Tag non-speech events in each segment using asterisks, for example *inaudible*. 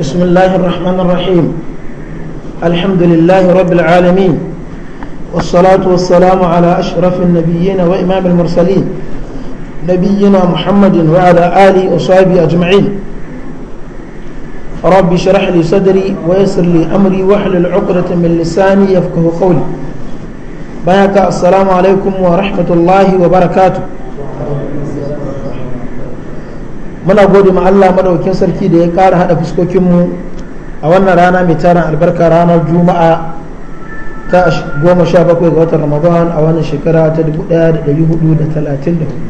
بسم الله الرحمن الرحيم الحمد لله رب العالمين والصلاة والسلام على أشرف النبيين وإمام المرسلين نبينا محمد وعلى آله وصحبه أجمعين رب شرح لي صدري ويسر لي أمري واحلل عقدة من لساني يفقه قولي بارك السلام عليكم ورحمة الله وبركاته muna gode ma Allah madaukakin sarki da ya ƙara haɗa fuskokinmu a wannan rana mai tarin albarka ranar juma'a ta goma sha bakwai ga watan ramadan a wannan shekara ta dubu ɗaya da ɗari hudu da talatin da hudu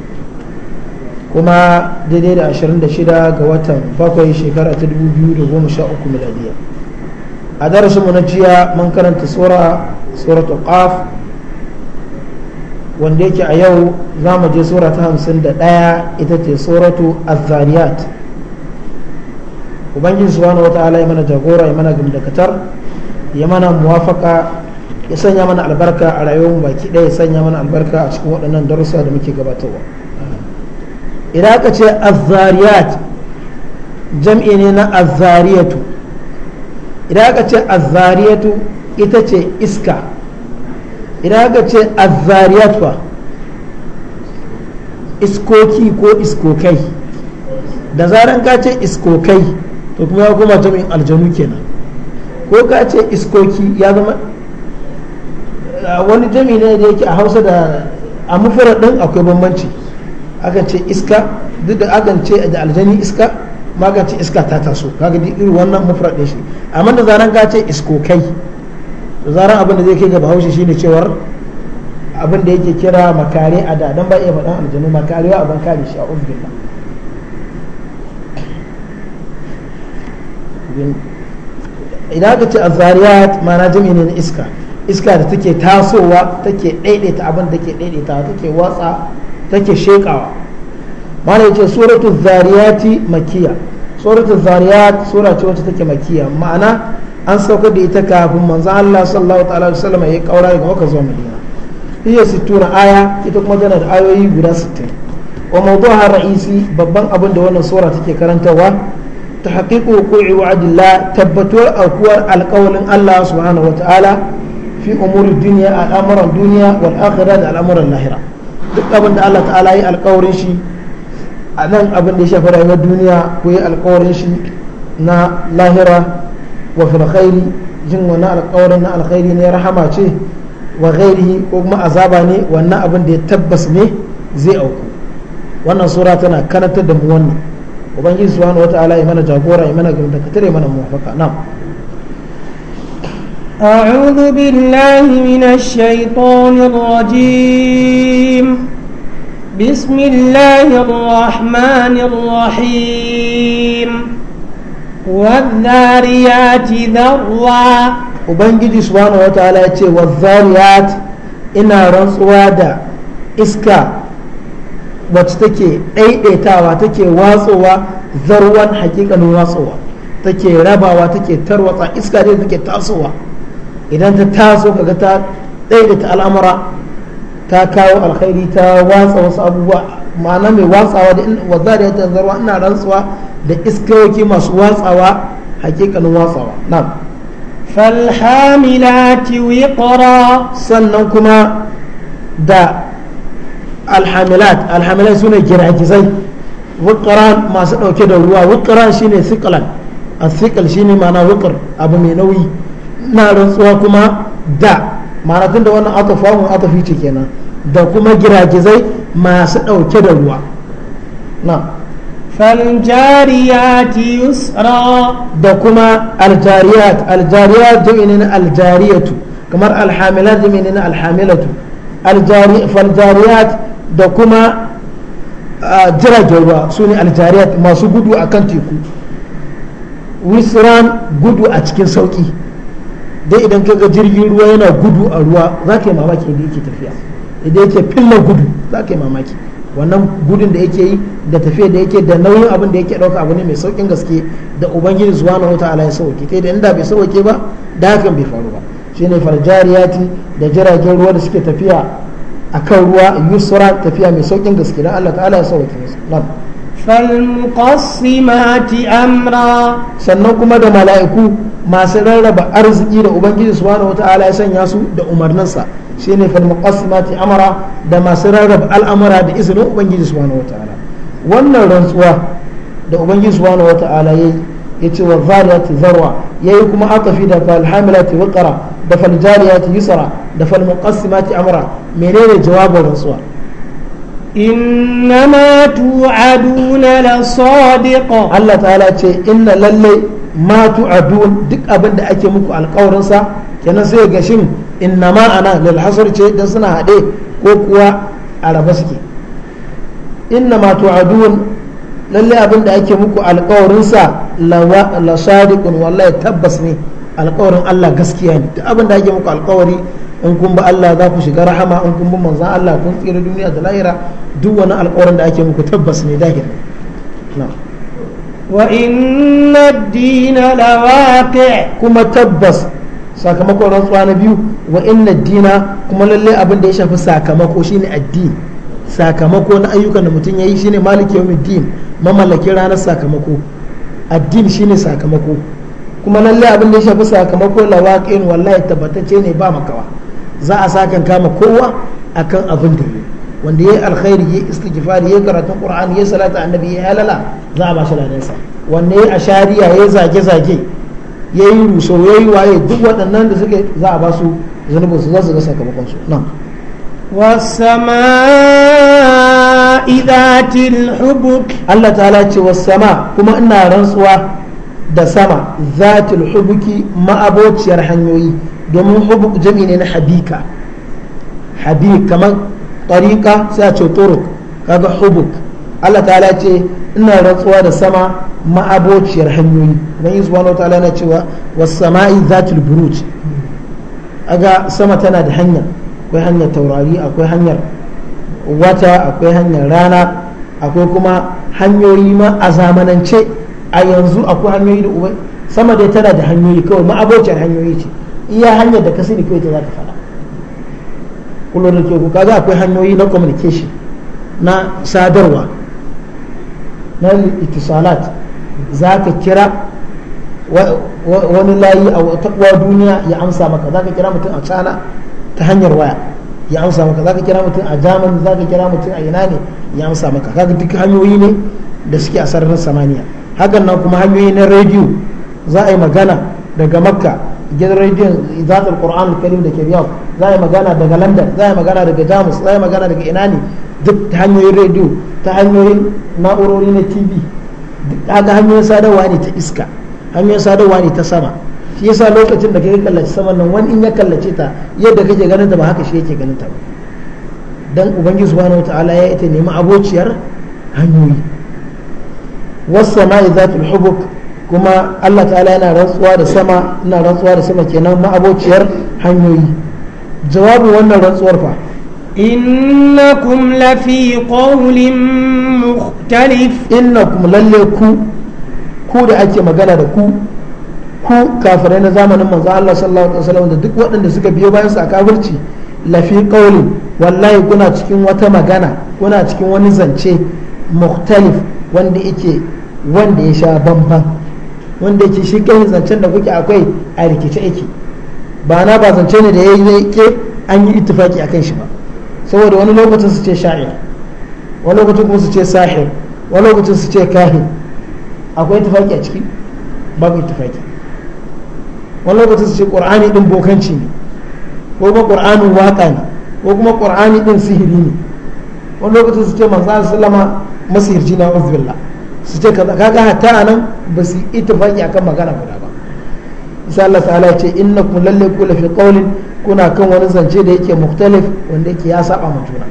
kuma daidai da ashirin da shida ga watan bakwai shekara ta dubu biyu da goma sha uku miladiya a darasinmu na jiya mun karanta sura suratul qaf wanda yake a yau za mu je sura ta hamsin da ɗaya ita ce suratu azaniyat suwa na wata ya mana jagora ya mana gindakatar ya mana muwafaka ya sanya mana albarka a rayuwar baki ɗaya ya sanya mana albarka a cikin waɗannan darussa da muke gabatarwa idan aka ce azariyat jam'i ne na azariyatu idan aka ce azariyatu ita ce iska idan aka ce azzariyat fa iskoki ko iskokai da zaran ka ce iskokai to kuma ya koma jami'in aljanu kenan ko ka ce iskoki ya zama wani jami ne da yake a hausa da a mafura ɗin akwai bambanci aka ce iska duk da aka ce da aljani iska magance iska ta taso kaga duk irin wannan mafura ɗin shi amma da zaran ka ce iskokai zaran abin da zai kai ga bahaushe shine cewar abin da yake kira makare a da dan ba iya faɗan aljanu makare wa abin kare shi a ubbilla idan aka ce azariyat ma'ana jami'i ne na iska iska da take tasowa take daidaita abin da take daidaita take watsa take shekawa mana yace suratu zariyati makiya suratu zariyat sura ce wacce take makiya ma'ana an sauka da ita kafin manzon Allah sallallahu ta'ala wa sallama ya kaura daga maka zuwa Madina hiya tura aya ita kuma tana da ayoyi guda 60 wa mawduha ra'isi babban abin da wannan sura take karantawa tahqiqu wuqu'i wa'dillah tabbatuwar aukuwar alƙawalin Allah subhanahu ta'ala fi umuri dunya al'amuran duniya wal akhirah da al'amuran lahira duk abin da Allah ta'ala yi alƙawarin shi a nan abin da ya shafi rayuwar duniya ko yi alƙawarin shi na lahira wa fil khairi jin wani alƙawarin na alkhairi ne rahama ce wa ghairihi ko kuma azaba ne wannan abin da ya tabbas ne zai auku wannan sura tana karantar da mu wannan ubangiji subhanahu wataala ya mana jagora ya mana gaba da katare mana muwafaka na'am أعوذ بالله من الشيطان الرجيم بسم الله الرحمن الرحيم na ruwa. ubangiji subhanahu ta'ala ya ce wa ina rantsuwa da iska wacce take ɗaiɗaitawa take watsowa zarwan hakikalin watsowa take rabawa take tarwatsa iska ne take tasowa idan ta taso kaga ta ɗaiɗaita al'amura ta kawo alkhairi ta watsa wasu abubuwa ma'ana mai watsawa da wa ya ta ina rantsuwa da iskoki masu watsawa hakikanin watsawa na'am falhamilati wiqra sannan kuma da alhamilat alhamilat sune giragizai wiqran masu dauke da ruwa wiqran shine thiqlan athiqal shine ma'ana wiqr abu mai nauyi ina rantsuwa kuma da ma'ana tunda wannan atafahu atafi ce kenan da kuma giragizai masu ɗauke da ruwa na faljariyati yusra da kuma aljariyat aljariyatu minin aljariyatu kamar alhamilatu minin alhamilatu faljariyat da kuma jiragen ruwa su ne aljariyat masu gudu a kan teku wisran gudu a cikin sauƙi dai idan kaga jirgin ruwa yana gudu a ruwa za mamaki da tafiya idan yake filla gudu za ka yi mamaki wannan gudun da yake yi da tafiya da yake da nauyin abin da yake ɗauka abu ne mai saukin gaske da ubangiji wata ala ya sauke kai da inda bai sauke ba da hakan bai faru ba shine farjariyati da jiragen ruwa da suke tafiya a kan ruwa yusra tafiya mai saukin gaske don Allah ta'ala ya sauke musu na'am falmuqassimati amra sannan kuma da mala'iku masu rarraba arziki da ubangiji subhanahu ta'ala ya sanya su da umarninsa shine fal muqassimati amara da masu rarraba al'amura da izinin ubangiji subhanahu wataala wannan rantsuwa da ubangiji subhanahu wataala yayi yace wa zariyati zarwa yayi kuma aka fi da fal hamilati waqara da fal jariyati yusra da fal muqassimati amara menene jawabin rantsuwa إنما توعدون لصادق الله تعالى إن للي ما توعدون دك أبدا أكي مكو القورنسا كنا سيغشين inna ma ana ce dan suna haɗe ko kuwa a raba suke inna ma tu'adun lalle abin da ake muku alƙawarin sa la sadiqun wallahi tabbas ne alƙawarin Allah gaskiya ne duk abin da ake muku alƙawari in kun ba Allah za ku shiga rahama in kun bi manzon Allah kun tsira duniya da lahira duk wani alƙawarin da ake muku tabbas ne dahir na'am وإن الدين لواقع kuma tabbas. sakamakon rantsuwa na biyu wa inna dina kuma lallai abin da ya shafi sakamako shine addini sakamako na ayyukan da mutum ya yi shine maliki yawmin din mamallakin ranar sakamako addini shine sakamako kuma lallai abin da ya shafi sakamako lawakin wallahi tabbatacce ne ba makawa za a sakan kama kowa akan abin da wanda yayi alkhairi yayi ya yayi karatun qur'ani yayi salatu annabi ya halala za a ba shi ladansa wanne a ashariya yayi zage zage ya yi ruso ya yi waye duk waɗannan da suke za a ba su zunubin su za su ga sakamakon su nan wasama idatil hubuk Allah ta'ala ce wasama kuma ina rantsuwa da sama zatil hubuki ma'abociyar hanyoyi domin hubuk jami ne na habika habik kamar tariƙa sai a ce turuk kaga hubuk Allah ta'ala ce ina rantsuwa da sama ma'abociyar hanyoyi dan yin subhanahu ta'ala yana cewa was sama'i zatul buruj aga sama tana da hanya akwai hanyar taurari akwai hanyar wata akwai hanyar rana akwai kuma hanyoyi ma a zamanance a yanzu akwai hanyoyi da ubai sama dai tana da hanyoyi kawai ma'abociyar hanyoyi ce iya hanyar da ka sani kawai ta za ka faɗa kullum da ke ku kaga akwai hanyoyi na communication na sadarwa na itisalat za ka kira wani layi a taɓuwa duniya ya amsa maka za ka kira mutum a cana ta hanyar waya ya amsa maka za ka kira mutum a jamani za ka kira mutum a ina ne ya amsa maka kaga duk hanyoyi ne da suke a sararin samaniya hakan nan kuma hanyoyi na rediyo za a yi magana daga makka gidan rediyon izatul qur'an karim da ke riyadh za a yi magana daga london za a yi magana daga jamus za a yi magana daga ina ne duk ta hanyoyin rediyo ta hanyoyin na'urori na tv kaga hanyoyin sadarwa ne ta iska hanyoyin sadarwa ne ta sama shi yasa lokacin da kake kallaci saman nan wani in ya kallace ta yadda kake ganin ta ba haka shi yake ganin ta ba dan ubangiji subhanahu wataala ya ita nemi abociyar hanyoyi was-sama'i zatul hubuk kuma Allah ta'ala yana rantsuwa da sama ina rantsuwa da sama kenan ma abociyar hanyoyi jawabin wannan rantsuwar fa innakum lafi qawlin mukhtalif innakum lalle ku ku da ake magana da ku ku kafirai na zamanin manzo Allah sallallahu alaihi wasallam da duk waɗanda suka biyo bayan su a kafirci lafi qawlin wallahi kuna cikin wata magana kuna cikin wani zance mukhtalif wanda ya sha bamban wanda yake shi zancen da kuke akwai a rikice yake ba na ba zance ne da ya yi an yi a kai shi ba saboda wani lokacin su ce sha'ir wani lokacin kuma su ce sahir wani lokacin su ce kahin akwai tufaki a ciki babu tufaki wani lokacin su ce ƙur'ani ɗin bokanci ne ko kuma qur'anin waƙa ne ko kuma ƙur'ani ɗin sihiri ne wani lokacin su ce manzo sallama masihirci na uzbillah su ce ka ga hatta nan ba su yi a akan magana guda ba insha Allah ta'ala ya ce innakum lalle ku la fi qawlin kuna kan wani zance da yake muktalif wanda yake ya saba ma juna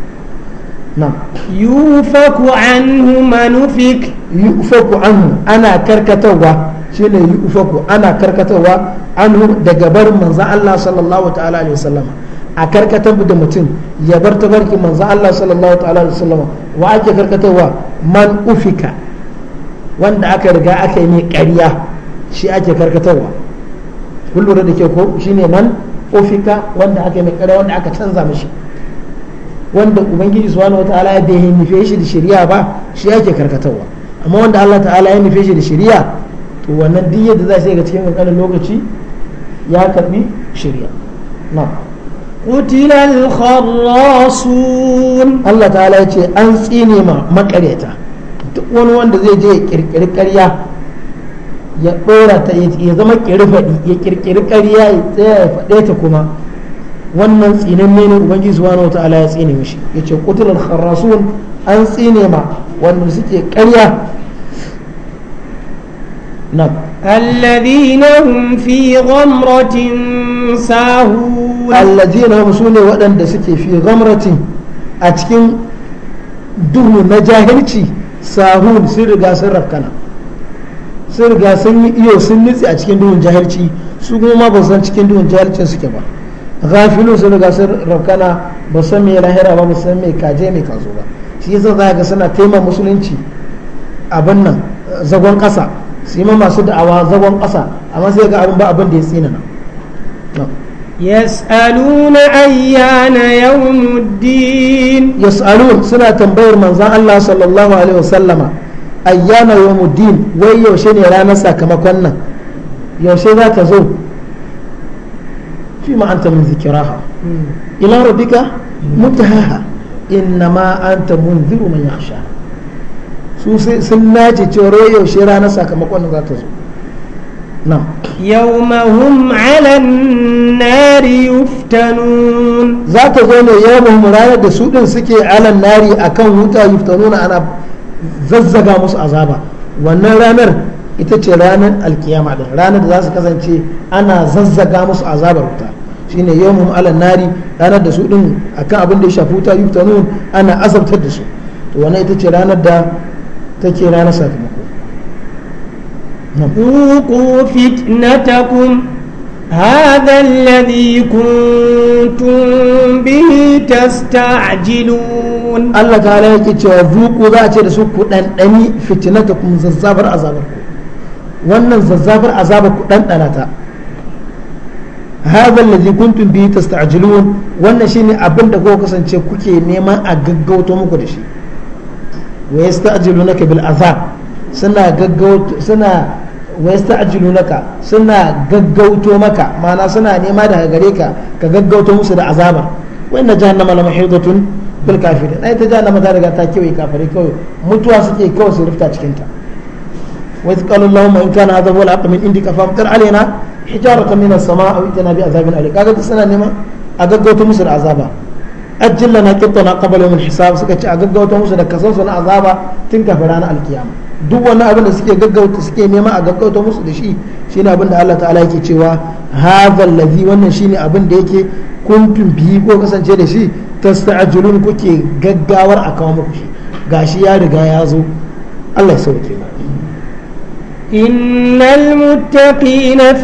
na'am yufaku anhu manufik yufaku anhu ana karkatawa shine yufaku ana karkatawa anhu daga barin manzon Allah sallallahu ta'ala alaihi wasallam a karkatar da mutum ya bar tabarki manzon Allah sallallahu ta'ala alaihi wasallam wa ake karkatawa man ufika wanda aka riga aka yi mai ƙarya shi ake karkatarwa kullum da ke ko shine man ofika wanda aka mai kare wanda aka canza mashi wanda ubangiji subhanahu wataala bai nufe shi da shirya ba shi yake karkatawa amma wanda Allah ta'ala ya nufe shi da shirya to wannan duk yadda za su ga cikin kankanin lokaci ya karbi shirya. na قتل الخراصون Allah ta'ala ya ce an tsine ma makareta duk wani wanda zai je kirkiri ya ɗora ta ya zama kirfaɗi ya kirkiri ƙarya ya tsaya ya faɗe ta kuma wannan tsinin ne ubangiji subhanahu ta'ala ya tsine mishi ce qutulul kharasun an tsine ma wanda suke ƙarya na alladhina hum fi ghamratin sahun alladhina hum sune waɗanda suke fi ghamratin a cikin duhu na jahilci sahun sun riga sun rafkana sun riga sun yi iyo sun nutse a cikin duhun jahilci su kuma ma ba san cikin duhun jahilcin suke ba ghafilun sun riga sun rafkana ba san me lahira ba ba san me kaje me kazo ba shi yasa za ga suna taima musulunci abin nan zagon kasa su yi ma masu da'awa zagon kasa amma sai ga abin ba abin da ya tsina nan يسألون أيان يوم الدين يسألون سنة تنبير من الله صلى الله عليه وسلم ayyama muddin wai yaushe ne ranar sakamakon nan yaushe za ta zo fi ma'anta anta min zikiraha hmm. ila rabbika mutahaha innama anta munziru man yasha su sun nace cewa yaushe ranar sakamakon nan za ta zo نعم يوم nari yuftanun za يفتنون zo ne yawma هم رانا da su din suke على nari akan wuta yuftanuna ana zazzaga musu azaba wannan ranar ita ce ranar alkiyama din ranar da za su kasance ana zazzaga musu azabar wuta shine yawmun ala nari ranar da su din akan abin da ya shafi wuta nun ana azabtar da su to wannan ita ce ranar da take ranar sakamako ذوقوا هذا الذي كنتم به تستعجلون الله تعالى يكتشف ذوقوا ذات رسوك أنني فتنتكم ززابر أزابركم wannan zazzabar azaba ku ɗanɗana ta hadha alladhi kuntum bihi tasta'jilun wannan shine abin da kuka kasance kuke neman a gaggauto muku da shi wa suna wa yasta'jilunaka suna gaggauto maka mana suna nema daga gare ka ka gaggauto musu da azaba wa inna jahannama la muhitatun bil kafirin ai ta jahannama ta riga ta kewaye kafirai kawai mutuwa suke kawai su rufta cikin ta wa qalu allahumma in kana hadha huwa al-haqq min indika famtir alaina hijaratan min as-samaa aw itina bi azabin alim kaga suna nema a gaggauto musu da azaba ajjil lana qittana qabla yawm al-hisab suka ci a gaggauto musu da kasansu na azaba tun kafin ranar alkiyama duk wani abin da suke gaggauta suke nema a gaggauta musu da shi shine abin da Allah ta'ala yake cewa hadhal ladhi wannan shine abin da yake kuntum biyu ko kasance da shi ta tasta'jilun kuke gaggawar a kawo muku shi gashi ya riga ya zo Allah ya sauke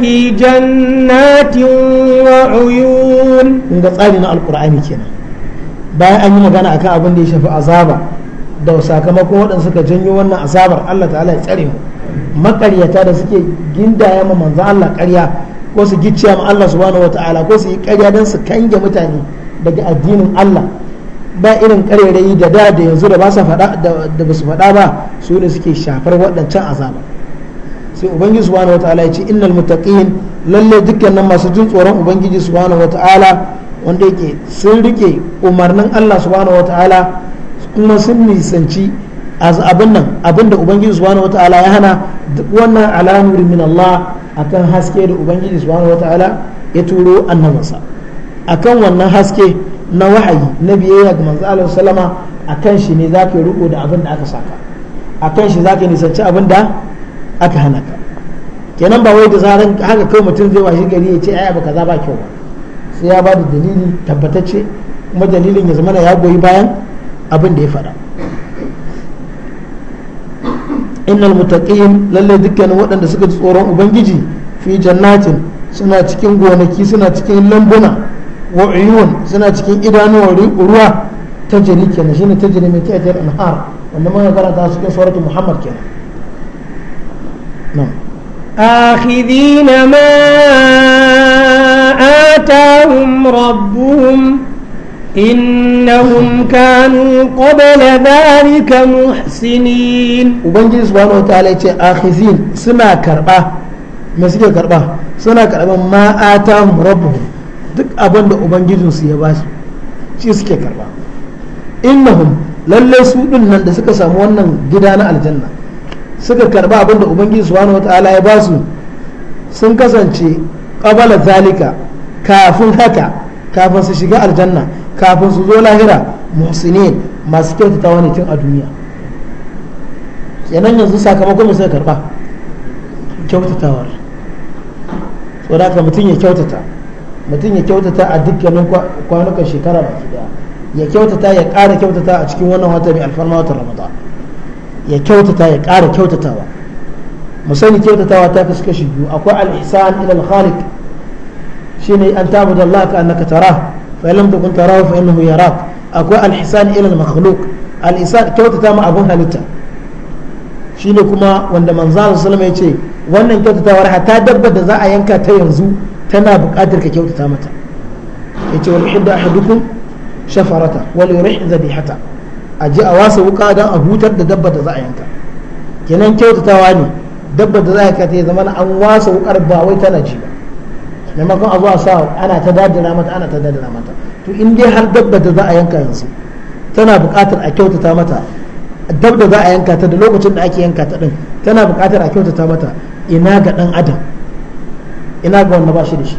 fi jannatin wa uyun inda tsari na alqur'ani kenan bayan an yi magana akan abin da ya shafi azaba da sakamakon waɗanda suka janyo wannan azabar Allah ta'ala ya tsare mu makaryata da suke gindaya ma manzo Allah ƙarya ko su gicciya ma Allah subhanahu wata'ala ko su yi ƙarya don su kange mutane daga addinin Allah ba irin ƙarerayi da da da yanzu da ba su faɗa da ba su faɗa ba su ne suke shafar waɗancan azaba sai ubangiji subhanahu wata'ala ya ce innal muttaqin lalle dukkanin masu jin tsoron ubangiji subhanahu wata'ala wanda yake sun rike umarnin Allah subhanahu wata'ala kuma sun nisanci abin nan abin da ubangiji subhanahu wataala ya hana duk wannan alamuri min Allah akan haske da ubangiji subhanahu wataala ya turo annabinsa akan wannan haske na wahayi na biyayya ga manzo Allah sallama akan shi ne zaka ruko da abin da aka saka akan shi zaka nisanci abin da aka hana ka kenan ba wai da zaran haka kai mutum zai washi gari ya ce ai ba kaza ba kyau ba sai ya ba da dalili tabbatacce kuma dalilin ya zama ya goyi bayan abin da ya faɗa innal mutaqin lalle dukkanin waɗanda suka ji tsoron ubangiji fi jannatin suna cikin gonaki suna cikin lambuna wa uyun suna cikin idanuwa ruwa ta jiri kenan shine ta jiri mai tiyatar anhar wanda gara ta cikin suratul muhammad kenan akhidina ma آتاهم إنهم كانوا قبل ذلك محسنين وبنجي سبحانه وتعالى آخذين سنا كربا مسجد كربا سنا كربا ما آتاهم ربهم duk abin da su ya ba su shi suke karba innahum lallai su din nan da suka samu wannan gida na aljanna suka karba abin da ubangiji subhanahu wataala ya ba su sun kasance qabala zalika kafin haka kafin su shiga aljanna kafin su zo lahira muhsinin masu kyautata wani tun a duniya kenan yanzu sakamakon mai suka karba kyautatawar so mutum ya kyautata mutum ya kyautata a dukkanin kwanukan shekara baki daya ya kyautata ya ƙara kyautata a cikin wannan wata mai alfarma wata ramadan ya kyautata ya ƙara kyautatawa mu sani kyautatawa ta kasu kashi biyu akwai al-ihsan ila al-khaliq shine an tabu da Allah ka annaka tara fa lam takun tarahu fa innahu yarak akwai al-ihsan ila al-makhluq al-ihsan kyautata ma abun halitta shine kuma wanda manzo Allah sallallahu alaihi wasallam yace wannan kyautatawar hatta dabba da za a yanka ta yanzu tana buƙatar ka kyautata mata yace wal yuhibbu ahadukum shafarata wal yurih dhabihata a ji a wasa wuka don a hutar da dabba da za a yanka kenan kyautatawa ne dabba da za a yanka ta zama an wasa wukar ba wai tana ji ba maimakon abuwa sa ana ta dadira mata ana ta dadira mata to in dai har dabba da za a yanka yanzu tana buƙatar a kyautata mata dabba za a yanka ta da lokacin da ake yanka ta din tana buƙatar a kyautata mata ina ga dan adam ina ga wanda ba shi da shi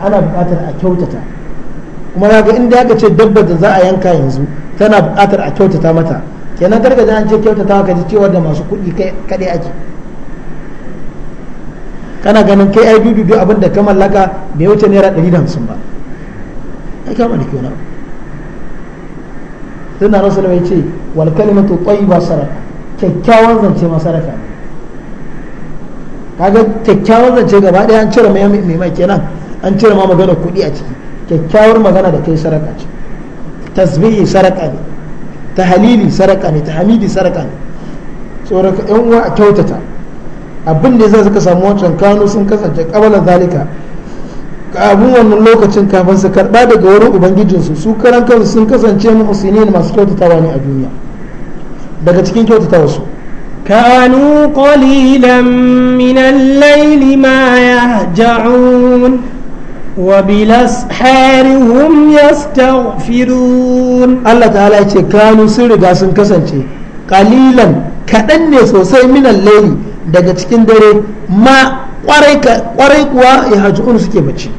ana buƙatar a kyautata kuma na ga inda aka ce dabba da za a yanka yanzu tana buƙatar a kyautata mata kenan gargajen an ce kyautata ka ji cewa da masu kuɗi kaɗai ake kana ganin kai ai dudu abin da ka mallaka bai wuce naira ɗari da hamsin ba ai kama da kyau na sai na rasu ya ce wal kalimatu ba saraka kyakkyawan zance ma saraka kaga kyakkyawan zance gaba ɗaya an cire mai mai kenan an cire ma magana kuɗi a ciki kyakkyawar magana da kai saraka ce tasbihi saraka ne ta halili saraka ne ta hamidi saraka ne tsoraka yan uwa a kyautata abin da zai suka samu wancan kano sun kasance kabalan zalika abin wannan lokacin kafin su karɓa daga wurin ubangijinsu su karan kansu sun kasance ne masu kyautatawa ne a duniya daga cikin kyautatawa su كانوا قليلا من الليل ما يهجعون وبالأسحار هم يستغفرون الله تعالى يقول كانوا سرقا سنكسن قليلا كأني سوسي من الليل daga cikin dare ma kwarai kuwa ya unu suke bacci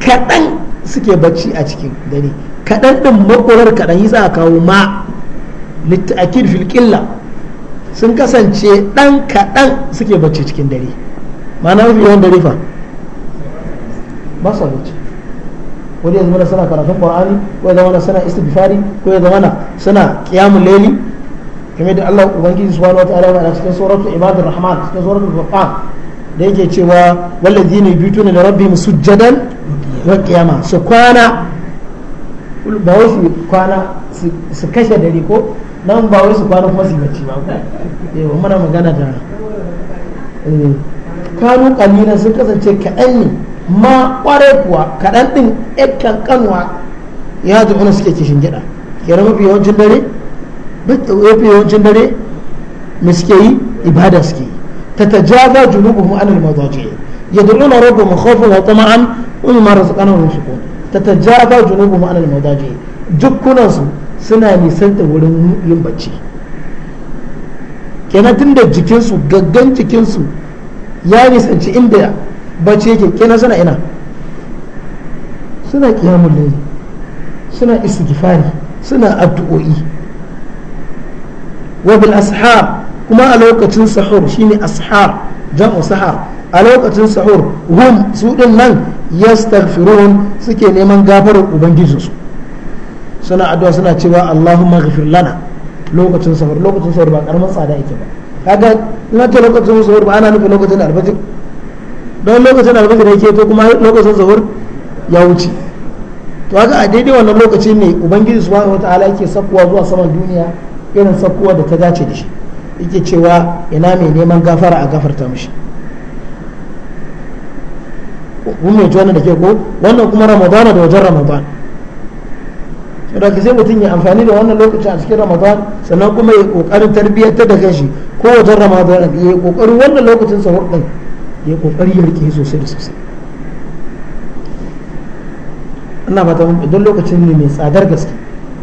kaɗan suke bacci a cikin dare kaɗan ɗin makonar kaɗan yi za a kawo ma litta'akid filƙilla sun kasance ɗan kaɗan suke bacci cikin dare na mafi yawan dare fa ba su bacci wani ya zama suna karatun ƙwar'ani ko ya zama suna istifari ko ya zama suna ƙiyamun leli. kamar da Allah ubangiji subhanahu ta'ala ya cikin suratul ibadur rahman cikin suratul furqan da yake cewa wallazina yubituna li rabbihim sujadan wa qiyama su kwana ba wai su kwana su kashe dare ko nan ba wai su kwana kuma su bacci ba eh muna magana da eh, kanu kalilan sun kasance kaɗan ne ma kware kuwa kaɗan ɗin ɗan kanwa ya zuɓa suke kishin gida kenan mafi yawancin dare duk yafi yawancin dare me suke yi ibada suke yi ta ta tatajaza junubuhum anil madaji yad'una rabbahum khawfan wa tama'an ta mimma razaqnahum yunfiqun tatajaza junubuhum anil madaji dukkunan su suna nisanta wurin yin bacci kenan tunda jikinsu gaggan jikinsu ya nisanci inda bacci yake kenan suna ina suna kiyamun laili suna istighfari suna addu'o'i wa bil ashar kuma a lokacin sahur shine ashar jam'u sahar a lokacin sahur hum su din nan yastaghfirun suke neman gafarar su suna addu'a suna cewa Allahumma ghafir lana lokacin sahur lokacin sahur ba karamin tsada yake ba kaga ina ce lokacin sahur ba ana nufin lokacin alfajir don lokacin alfajir yake to kuma lokacin sahur ya wuce to haka a daidai wannan lokacin ne ubangiji subhanahu wataala yake sakkuwa zuwa saman duniya irin sakkuwa da ta dace da shi yake cewa ina mai neman gafara a gafarta mishi kuma mai wannan da ke ko wannan kuma ramadana da wajen ramadan saboda sai mutum ya amfani da wannan lokacin a cikin ramadan sannan kuma ya kokarin tarbiyyar da kanshi ko wajen ramadan ya kokarin wannan lokacin sahur din ya kokari ya rike sosai da sosai ina fata don lokacin ne mai tsadar gaske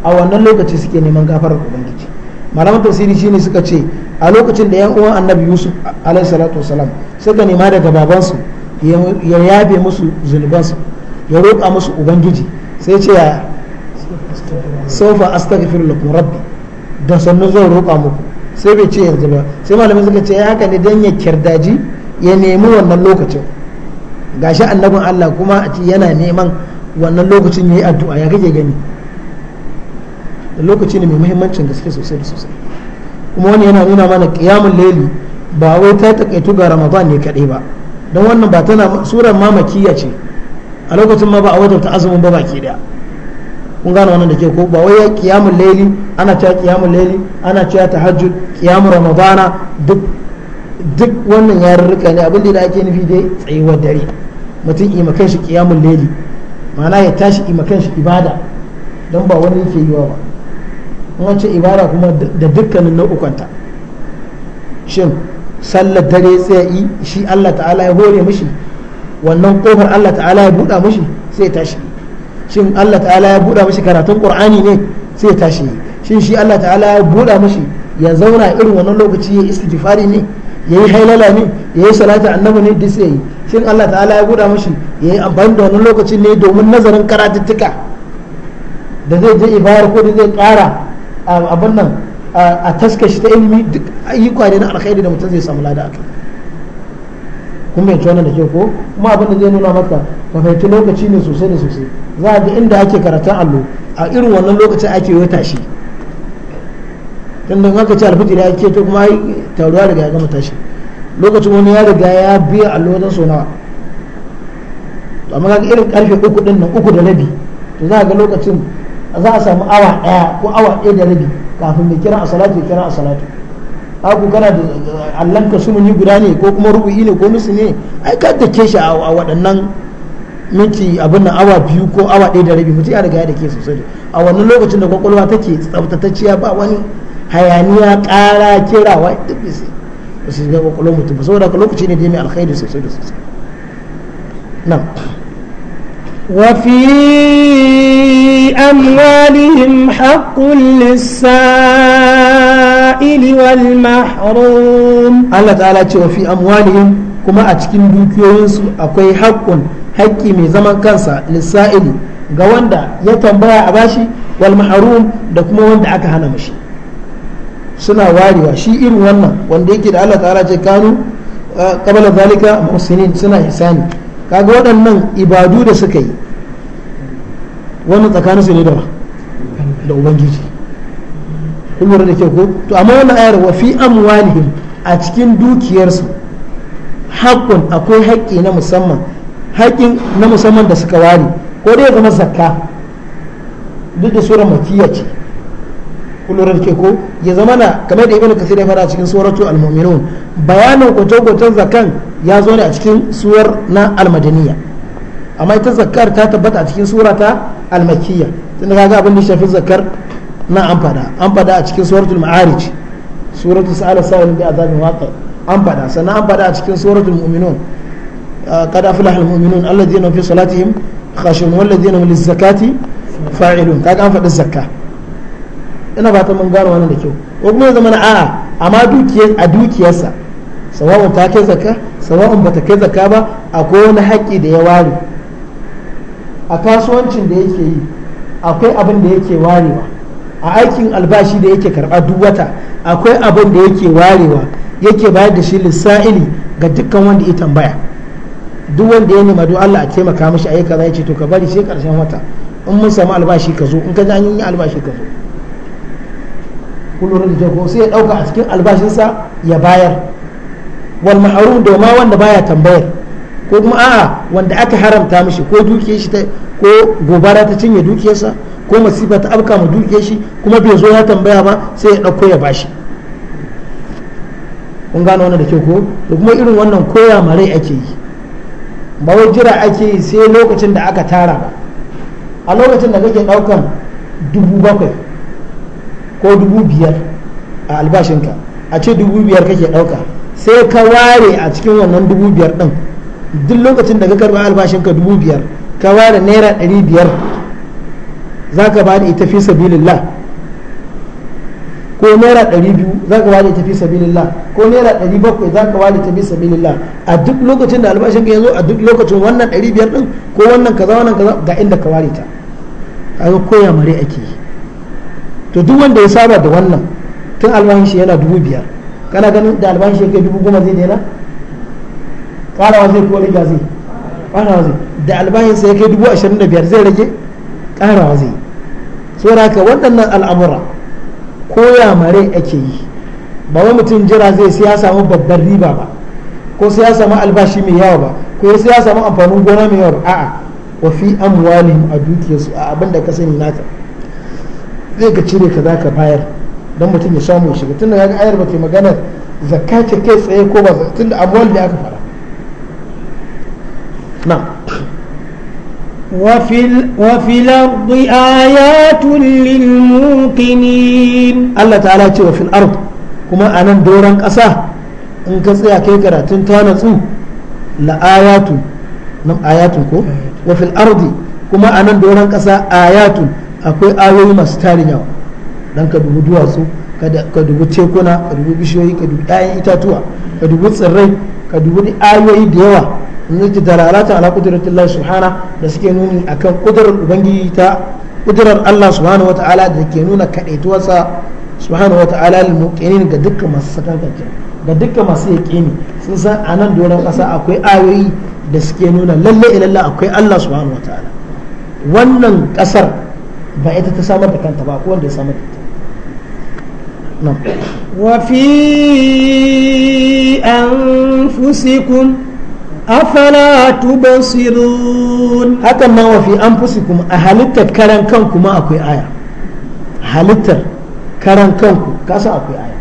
a wannan lokaci suke neman gafarar ubangiji malaman tafsiri ne suka ce a lokacin da yan uwan annabi yusuf alaihi salatu wasalam suka nema daga babansu ya yabe musu zunubansu ya roƙa musu ubangiji sai ce ya sofa astaghfiru lakum rabbi da sannu zan roƙa muku sai bai ce yanzu ba sai malamai suka ce haka ne dan ya kirdaji ya nemi wannan lokacin gashi annabin Allah kuma a ce yana neman wannan lokacin yayi addu'a ya kake gani lokaci ne mai muhimmancin gaske sosai da sosai kuma wani yana nuna mana kiyamun laili ba wai ta takaitu ga ramadan ne kadai ba don wannan ba tana surar mamakiya ce a lokacin ma ba a wata ta azumin ba baki daya kun gane wannan da ke ko ba wai kiyamun laili ana cewa kiyamun laili ana cewa tahajjud kiyamun ramadana duk duk wannan rurruka ne abin da ake nufi dai tsayuwar dare mutum ima kanshi kiyamun laili ma'ana ya tashi ima kanshi ibada don ba wani yake yiwa ba wace ibada kuma da dukkanin nau'ukanta shin sallar dare tsayi shi Allah ta'ala ya hore mishi wannan kofar Allah ta'ala ya buɗa mishi sai ya tashi shin Allah ta'ala ya buɗa mishi karatun Qur'ani ne sai ya tashi shin shi Allah ta'ala ya buɗa mishi ya zauna irin wannan lokaci ya istighfari ne ya yi hailala ne ya yi salatu annabi ne duk sai shin Allah ta'ala ya buɗa mishi ya yi amfani da wannan lokacin ne domin nazarin karatuttuka da zai je ibara ko da zai ƙara abin nan a shi ta ilimi duk ayyuka ne na alkhairi da mutum zai samu lada akai kun bai wannan da ke ko kuma abin da zai nuna maka ka fahimci lokaci ne sosai da sosai za a ga inda ake karatun allo a irin wannan lokacin ake yi tashi tun da haka ce alfijiri ake to kuma taruwa daga ya gama tashi lokacin wani ya riga ya biya allo wajen sona to amma ga irin karfe uku din nan uku da rabi to za a ga lokacin za a samu awa ɗaya ko awa ɗaya da rabi kafin mai kira a salatu ya kira a salatu aku kana da allanka sumuni guda ne ko kuma rubu'i ne ko nusu ne ai ka da ke shi a waɗannan minti abin nan awa biyu ko awa ɗaya da rabi mutum ya riga ya ke sosai a wannan lokacin da kwakwalwa take tsaftatacciya ba wani hayaniya ƙara kirawa duk bisa ba su ga kwakwalwa mutum ba saboda lokaci ne da ya mai alkhairi sosai da sosai nan وفي أموالهم حق للسائل والمحروم الله تعالى وفي أموالهم كما أتكين دوكيوينسو أكوي حق حقي من زمن كنسا للسائل ga wanda ya tambaya a bashi wal da kuma wanda aka hana mashi suna warewa shi irin wannan wanda yake da Allah ta'ala ce kanu qabala zalika muhsinin suna ihsani kaga waɗannan ibadu da suka yi wannan tsakanin su ne da da ubangiji kullum da ke ko to amma wannan ayar wa fi amwalihim a cikin dukiyarsu hakkun akwai haƙƙi na musamman haƙƙin na musamman da suka ware ko dai zama zakka duk da sura makiya kullum ke ko ya zama na kamar da ibnu kasir ya fara cikin suratu al-mu'minun bayanin kwato-kwaton zakan ya zo ne a cikin suwar na al-madaniyya amma ita zakar ta tabbata a cikin sura ta al-makkiyya tunda kaga abin da shafi zakar na an fada an fada a cikin suratul ma'arij suratul sa'ala sa'il bi azabin waqi an fada sannan an fada a cikin suratul mu'minun ah, qad aflaha al-mu'minun alladhina fi salatihim khashun walladhina liz-zakati fa'ilun kaga an fada zakka ina ba ta mun gano wannan da kyau ko kuma ya zama a'a amma dukiyar a dukiyarsa sawa'un ta kai zakka sawa'un bata kai zaka ba akwai wani haƙƙi da ya ware a kasuwancin da yake yi akwai abin da yake warewa a aikin albashi da yake karɓa duk wata akwai abin da yake warewa yake bayar da shi lissa'ili ga dukkan wanda ya tambaya duk wanda ya nema duk Allah a taimaka mishi a yi kaza ya ce to ka bari sai karshen wata in mun samu albashi ka zo in ka ji an yi albashi ka zo kullum da ko sai ya dauka a cikin albashinsa ya bayar wal ma'aru da wanda baya tambayar ko kuma a'a wanda aka haramta mishi ko dukiyar shi ko gobara ta cinye dukiyarsa ko masifa ta afka ma dukiyar shi kuma bai zo ya tambaya ba sai ya dauko ya bashi kun gano wannan da ke ko da kuma irin wannan koya ma rai ake yi ba wai jira ake yi sai lokacin da aka tara ba a lokacin da kake ɗaukan dubu bakwai ko dubu biyar a albashinka a ce dubu biyar kake ɗauka sai ka ware a cikin wannan dubu biyar ɗin duk lokacin da ka karɓi albashinka dubu biyar ka ware naira ɗari biyar za ka ba da ita fi sabilillah ko naira ɗari biyu za ka ware ita fi sabilillah ko naira ɗari bakwai za ka ware ita fi sabilillah a duk lokacin da albashin ka yazo a duk lokacin wannan ɗari biyar ɗin ko wannan kaza wannan kaza ga inda ka ware ta a koya mare ake yi to duk wanda ya saba da wannan tun albashin shi yana dubu biyar kana ganin da albashin shi kai dubu goma zai daina karawa zai ko rage zai karawa zai da albashin sai kai dubu ashirin da biyar zai rage karawa zai saboda haka waɗannan al'amura ko ya mare ake yi ba wai mutum jira zai sai ya samu babbar riba ba ko sai ya samu albashi mai yawa ba ko sai ya samu amfanin gona mai yawa a'a wa fi amwalihim a dukiyarsu a abin da ka sani naka zai ka cire ka za ka bayar don mutum ya samu shiga tun da ayar ba ta magana zakka ce kai tsaye ko ba tun da abuwan da aka fara na wafi lardi ayatun lilmuqinin Allah ta'ala ce wa fil kuma a nan doron kasa in ka tsaya kai karatun ta natsu la ayatun kuma a nan doron kasa ayatun akwai ayoyi masu tarin yawa dan ka dubi duwatsu ka dubi tekuna ka dubi bishiyoyi ka dubi ɗayan itatuwa ka dubi tsirrai ka dubi ayoyi da yawa da dalalata ala kudratin Allah subhana da suke nuni akan kudurar ubangiji ta kudurar Allah wata ala da ke nuna kadaituwarsa wata wataala lil muqinin ga dukkan masu sakankanke ga dukkan masu yaqini sun san a nan doron kasa akwai ayoyi da suke nuna lalle ilalla akwai Allah wata ala wannan kasar ba ita ta samar da kanta ba ko wanda ya samar da ita na wa fi anfusikum afala tubsirun hakan ma wafi an fusikun a halittar karan kanku ma akwai aya halittar karan kanku kasa akwai aya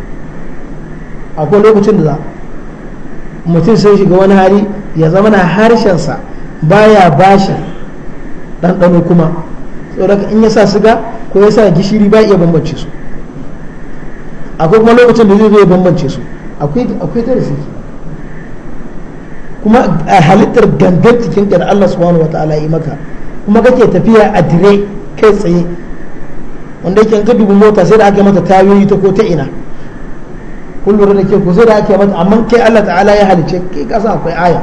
akwai lokacin da za mutum sai shiga wani hari ya zama na harshensa baya bashi ɗanɗano kuma saboda in ya sa siga ko ya sa gishiri ba iya bambance su akwai kuma lokacin da zai zo ya bambance su akwai darasi kuma a halittar gangan cikin da Allah subhanahu ta'ala yi maka kuma kake tafiya a dire kai tsaye wanda yake ka dubu mota sai da aka mata tayoyi ta ko ta ina kullum da ke ko sai da aka mata amma kai Allah ta'ala ya halice kai kasa akwai aya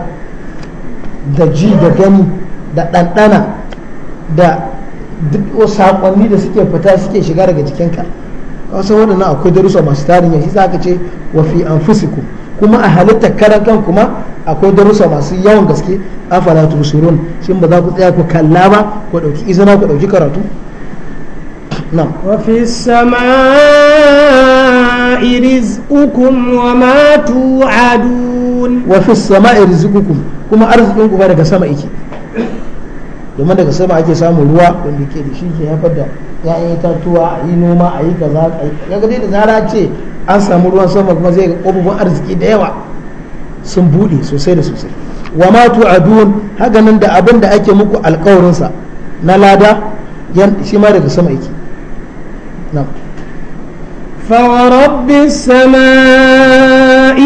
da ji da gani da ɗanɗana da duk wasu saƙonni da suke fita suke shiga daga jikinka wasu waɗannan akwai darussa masu tarin yashi za ka ce wa fi anfusikum kuma a halitta karan kan kuma akwai darussa masu yawan gaske afala tusurun shi ba za ku tsaya ku kalla ba ku ɗauki izina ku ɗauki karatu wa fi sama kuma arzikin ku ba daga sama ike domin daga sama ake samun ruwa wanda ke da shi ke haifar da ya'yan itatuwa a yi noma a yi kaza a yi dai da zara ce an samu ruwan sama kuma zai ga ƙofofin arziki da yawa sun buɗe sosai da sosai wa ma tu'adun haka nan da abin da ake muku alƙawarinsa na lada shi ma daga sama yake na'am فورب السماء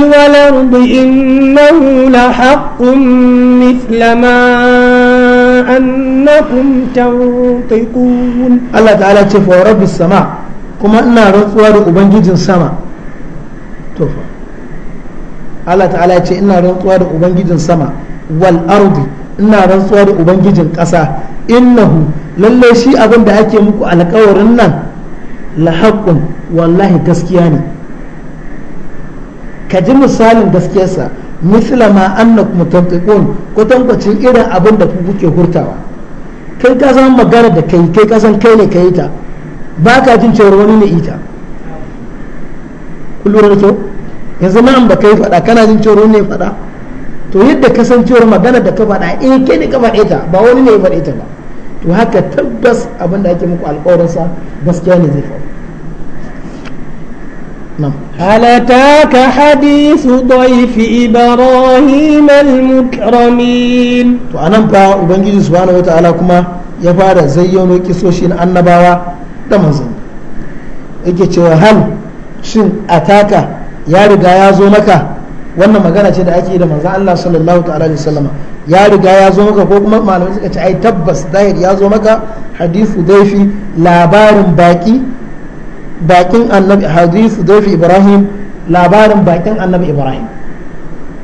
والأرض إنه لحق مثل ما annakum tantiqun Allah ta'ala ce fa rabbis sama kuma ina rantsuwa da ubangijin sama to fa Allah ta'ala ce ina rantsuwa da ubangijin sama wal ardi ina rantsuwa da ubangijin kasa innahu lalle shi abin da ake muku alƙawarin nan la haqqun wallahi gaskiya ne kaji ji misalin gaskiyarsa misla ma annakum tantiqun kwatankwacin irin abin da ku kuke hurtawa kai ka san magana da kai kai ka san kai ne kai ta ba ka jin cewa wani ne ita kullum da kyau yanzu nan da kai faɗa kana jin cewa wani ne faɗa to yadda kasancewar magana da ka faɗa in eh, kai ne ka faɗe ita ba wani ne ya faɗe ita ba to haka tabbas abin da ake muku alƙawarinsa gaskiya ne zai faru نعم هل أتاك حديث ضيف إبراهيم المكرمين وأنا با وبنجي سبحانه وتعالى كما يفعل زيون وكسوشين النبوة دمزن yake cewa hal shin ataka ya riga ya zo maka wannan magana ce da ake da manzo Allah sallallahu ta'ala alaihi wasallama ya riga ya zo maka ko kuma malamai suka ce ai tabbas dahir ya zo maka hadithu daifi labarin baki bakin annabi hadith dafi ibrahim labarin bakin annabi ibrahim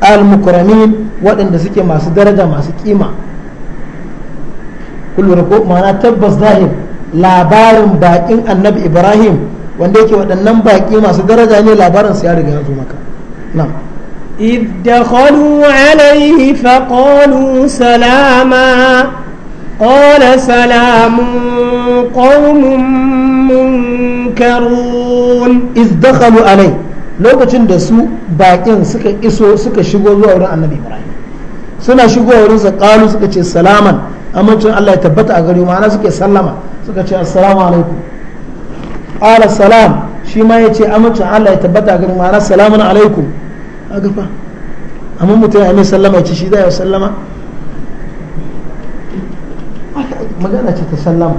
al-mukramin waɗanda suke masu daraja masu kima kullum ko ma'ana tabbas zahir labarin bakin annabi ibrahim wanda yake waɗannan baƙi masu daraja ne labarin su ya riga ya zo maka nan إذ دخلوا fa فقالوا salama قال سلام قوم munkarun izdakhalu alai lokacin da su bakin suka iso suka shigo zuwa wurin annabi ibrahim suna shigowa wurin sa qalu suka ce salaman amincin Allah ya tabbata a gari ma'ana suke sallama suka ce assalamu alaikum qala salam shi ma ya ce amincin Allah ya tabbata a gari ma'ana salamun alaikum aga fa amma mutum ya mai sallama ya ce shi zai sallama magana ce ta sallama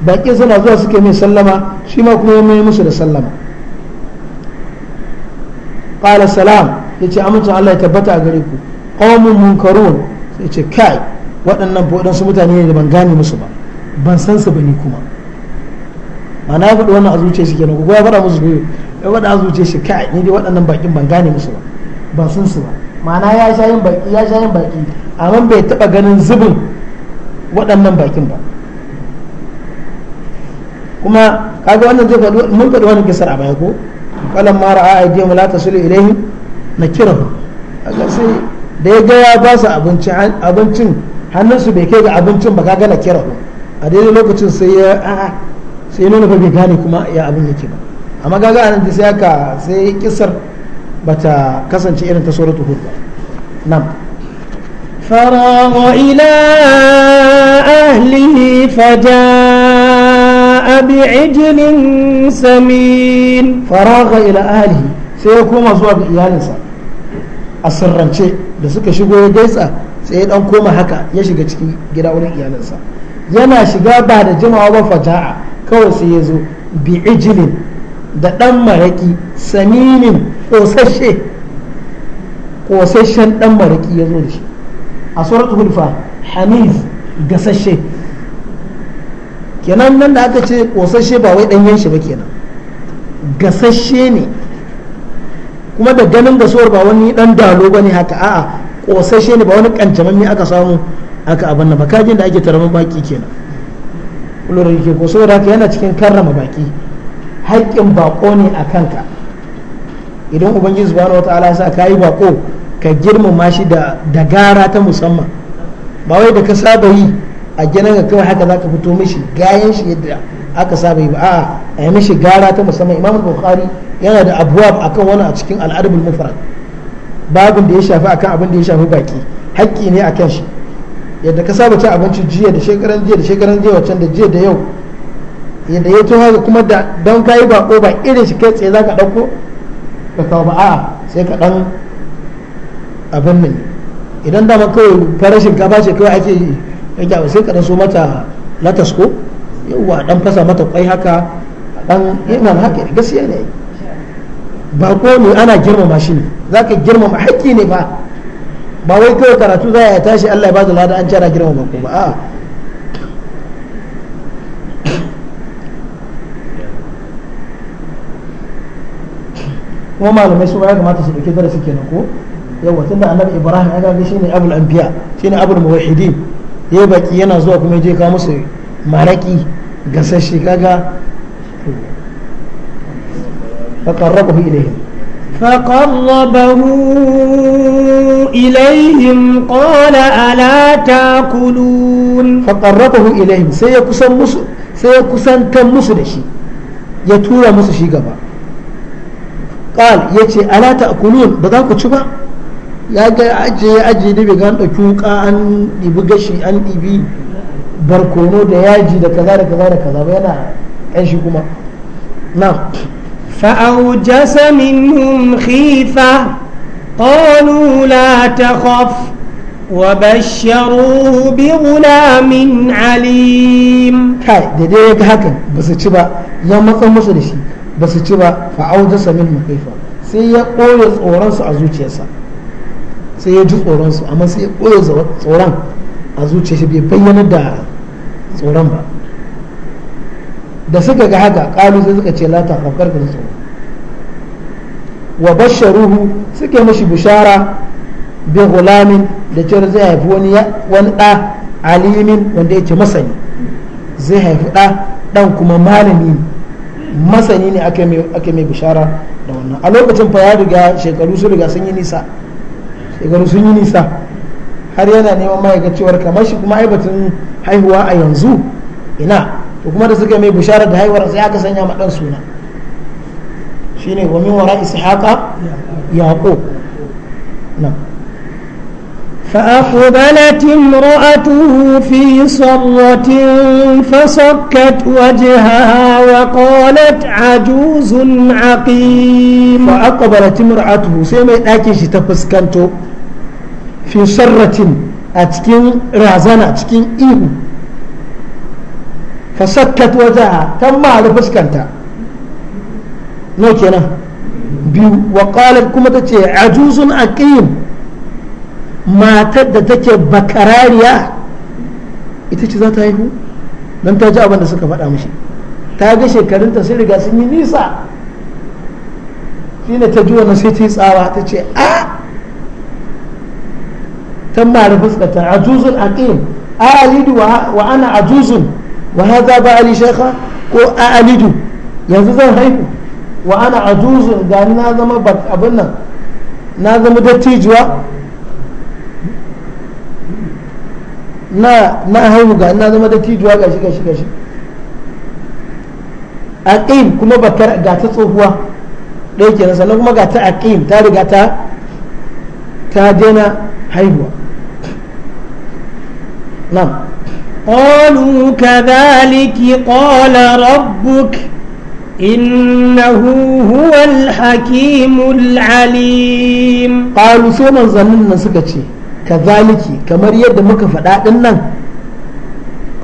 baƙi suna zuwa suke mai sallama shi ma kuma ya mai musu da sallama ƙala salam ya ce amincin Allah ya tabbata a gare ku ƙaumin munkarun sai ce kai waɗannan su mutane ne da ban gane musu ba ban san su ba ni kuma ma'ana ya faɗi wannan a shi kenan ya faɗa musu biyu ya faɗa a zuciya shi kai ni dai waɗannan baƙin ban gane musu ba ban san su ba ma'ana ya sha yin baƙi ya sha yin baƙi amma bai taɓa ganin zubin waɗannan baƙin ba kuma kaga wannan zai faɗi mun faɗi wannan kisar a baya ko kalan mara a mulata la tasulu na nakirahu kaga sai da ya ga ya ba su abincin hannunsu bai kai ga abincin ba kaga na kira a daidai lokacin sai ya a sai nuna ba bai gane kuma ya abin yake ba amma kaga anan sai aka sai kisar bata kasance irin ta suratu hud ba nan فراغ إلى أهله فجاء ila سمين sai ya koma zuwa زوى a sirrance da suka shigo ya gaisa sai ya dan koma haka ya shiga cikin gida wurin iyalinsa yana shiga ba da jimawa ba faja'a kawai sai ya zo bi da dan maraki saminin kosashe kosashen dan maraki ya zo da shi a suratul hulfa haniz gasashe kenan nan da aka ce kosashe ba wai ɗanyen shi ba kenan gasashe ne kuma da ganin gasuwar ba wani ɗan dalo ba ne haka a'a kosashe ne ba wani kancamanni aka samu aka abin na kajin da ake taramin baki kenan lura yake ko saboda haka yana cikin karrama baki haƙƙin bako ne a kanka idan ubangiji subhanahu wataala ya sa ka yi bako ka girmama shi da gara ta musamman ba wai da ka saba yi a gidan ka kawai haka ka fito mishi gayan shi yadda aka saba yi ba a a yi mishi gara ta musamman imamu bukhari yana da abuwab akan wani a cikin al'adabul mufrad babin da ya shafi akan abin da ya shafi baki haƙƙi ne kan shi yadda ka saba cin abinci jiya da shekaran jiya da shekaran jiya wacan da jiya da yau yadda ya to haka kuma da don kayi bako ba irin shi kai tsaye za ka ɗauko ka kawo ba a sai ka ɗan abin nan idan dama kawai farashin ka shi kawai ake yi ya ba sai ka so mata latas ko yawwa dan fasa mata kwai haka dan yana eh, haka gaskiya ne ba ko ne ana girmama shi ne zaka girmama haƙƙi ne ba ba wai kawai karatu za ya tashi Allah ya ba da lada an cara girmama ko ba kuma malamai su ya kamata su dauke darasi kenan ko yawa tunda annabi Ibrahim ya ga shine abul anbiya shine abul muwahhidin ya yi baki yana zuwa kuma je kawo musu maraki gasashe kaga faƙarrabahu ilayhim faƙarrabahu ilayhim qala ya kusan musu musu da shi ya tura musu shi gaba qal yace ala kunu ba za ku ci ba ya ga aje ya aje da bai gan ɗauki wuka an ɗibi gashi an ɗibi barkono da yaji da kaza da kaza da kaza ba yana shi kuma na fa'aujasa minhum khifa قالوا لا تخف وبشروه بغلام عليم كاي da dai yaga hakan ba su ci ba ya matsa musu da shi ba su ci ba fa'audasa minhum sai ya koya tsoron su a zuciyarsa sai ya ji tsoron su amma sai ya koyo tsoron a zuciya shi bai bayyana da tsoron ba da suka ga haka kalu sai suka ce lata kafkar da tsoro wa basharuhu suke mashi bishara bi gulamin da cewa zai haifi wani wani da alimin wanda yake masani zai haifi da dan kuma malami masani ne ake mai bishara da wannan a lokacin fa ya riga shekaru su riga sun yi nisa shekaru sun yi nisa har yana neman ma'aikacewar kamar shi kuma aibatun haihuwa a yanzu ina to kuma da suka mai bishara da haihuwar sai aka sanya ma dan suna shine wa min wara ishaqa yaqub na فأقبلت امرأته في صرة فصكت وجهها وقالت عجوز عقيم فأقبلت امرأته سيما يتأكي شتفسكنتو fi sarratin a cikin razana cikin ihu fasakkat wajaha ta ma'ar fuskanta no kenan biyu wa qalat kuma ta ce ajuzun aqim matar da take bakarariya ita ce za ta haihu don ta ji abin da suka faɗa mashi ta ga shekarunta sun riga sun yi nisa shine ta ji wannan sai ta yi tsawa ta ce a kan mara عجوز ajuzun aqim وأنا عجوز وهذا ajuzun wa hadha ba ali هيك ko عجوز yanzu zan haihu wa ana ajuzun ga na zama abin nan na zama dattijuwa na na haihu ga aqim kuma bakar ga ta tsohuwa ɗaya kenan sannan kuma ga ta aqim ta riga ta ta daina haihuwa نعم قالوا كذلك قال ربك إنه هو الحكيم العليم قالوا سيما ظننا سكتشي كذلك كما يد مكفدا دنن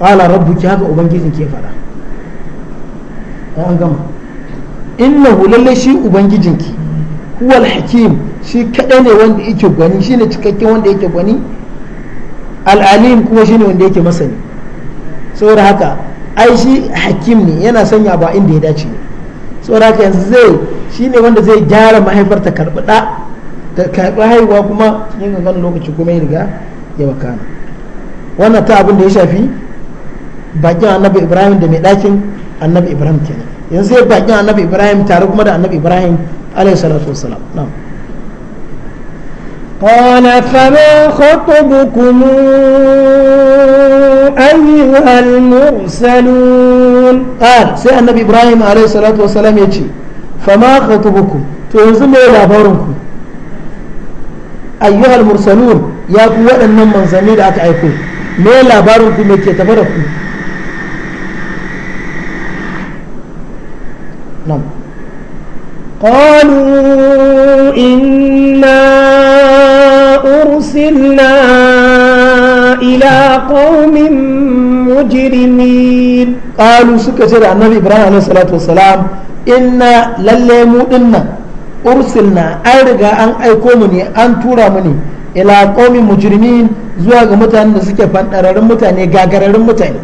قال ربك هذا ubangijin ke fada an gama innahu lalle shi ubangijinki huwal hakim shi kadai ne wanda yake gwani shine cikakken wanda yake gwani al'alim kuma shine wanda yake masani saboda haka ai shi hakim ne yana sanya ba inda ya dace saboda haka yanzu zai shine wanda zai gyara mahaifar ta karbada ɗa ta karbi haihuwa kuma yin kankan lokaci kuma ya riga ya bakana wannan ta abin da ya shafi bakin annabi ibrahim da mai dakin annabi ibrahim kenan yanzu sai bakin annabi ibrahim tare kuma da annabi ibrahim alaihi salatu wassalam na'am قال فما خطبكم أيها المرسلون قال سي النبي إبراهيم عليه الصلاة والسلام يجي فما خطبكم تنزل إلى بارنكم أيها المرسلون يا قوة أن من زميل أتعيكم ما لا بارنكم يكي تبركم نعم قالوا إنا إنا إلى قوم مجرمين قالوا سكة النبي إبراهيم عليه الصلاة والسلام إنا للمو إنا أرسلنا أرجع أن an أن ترامني ila qaumin mujrimin zuwa ga mutanen da suke fandararrun mutane gagararrun mutane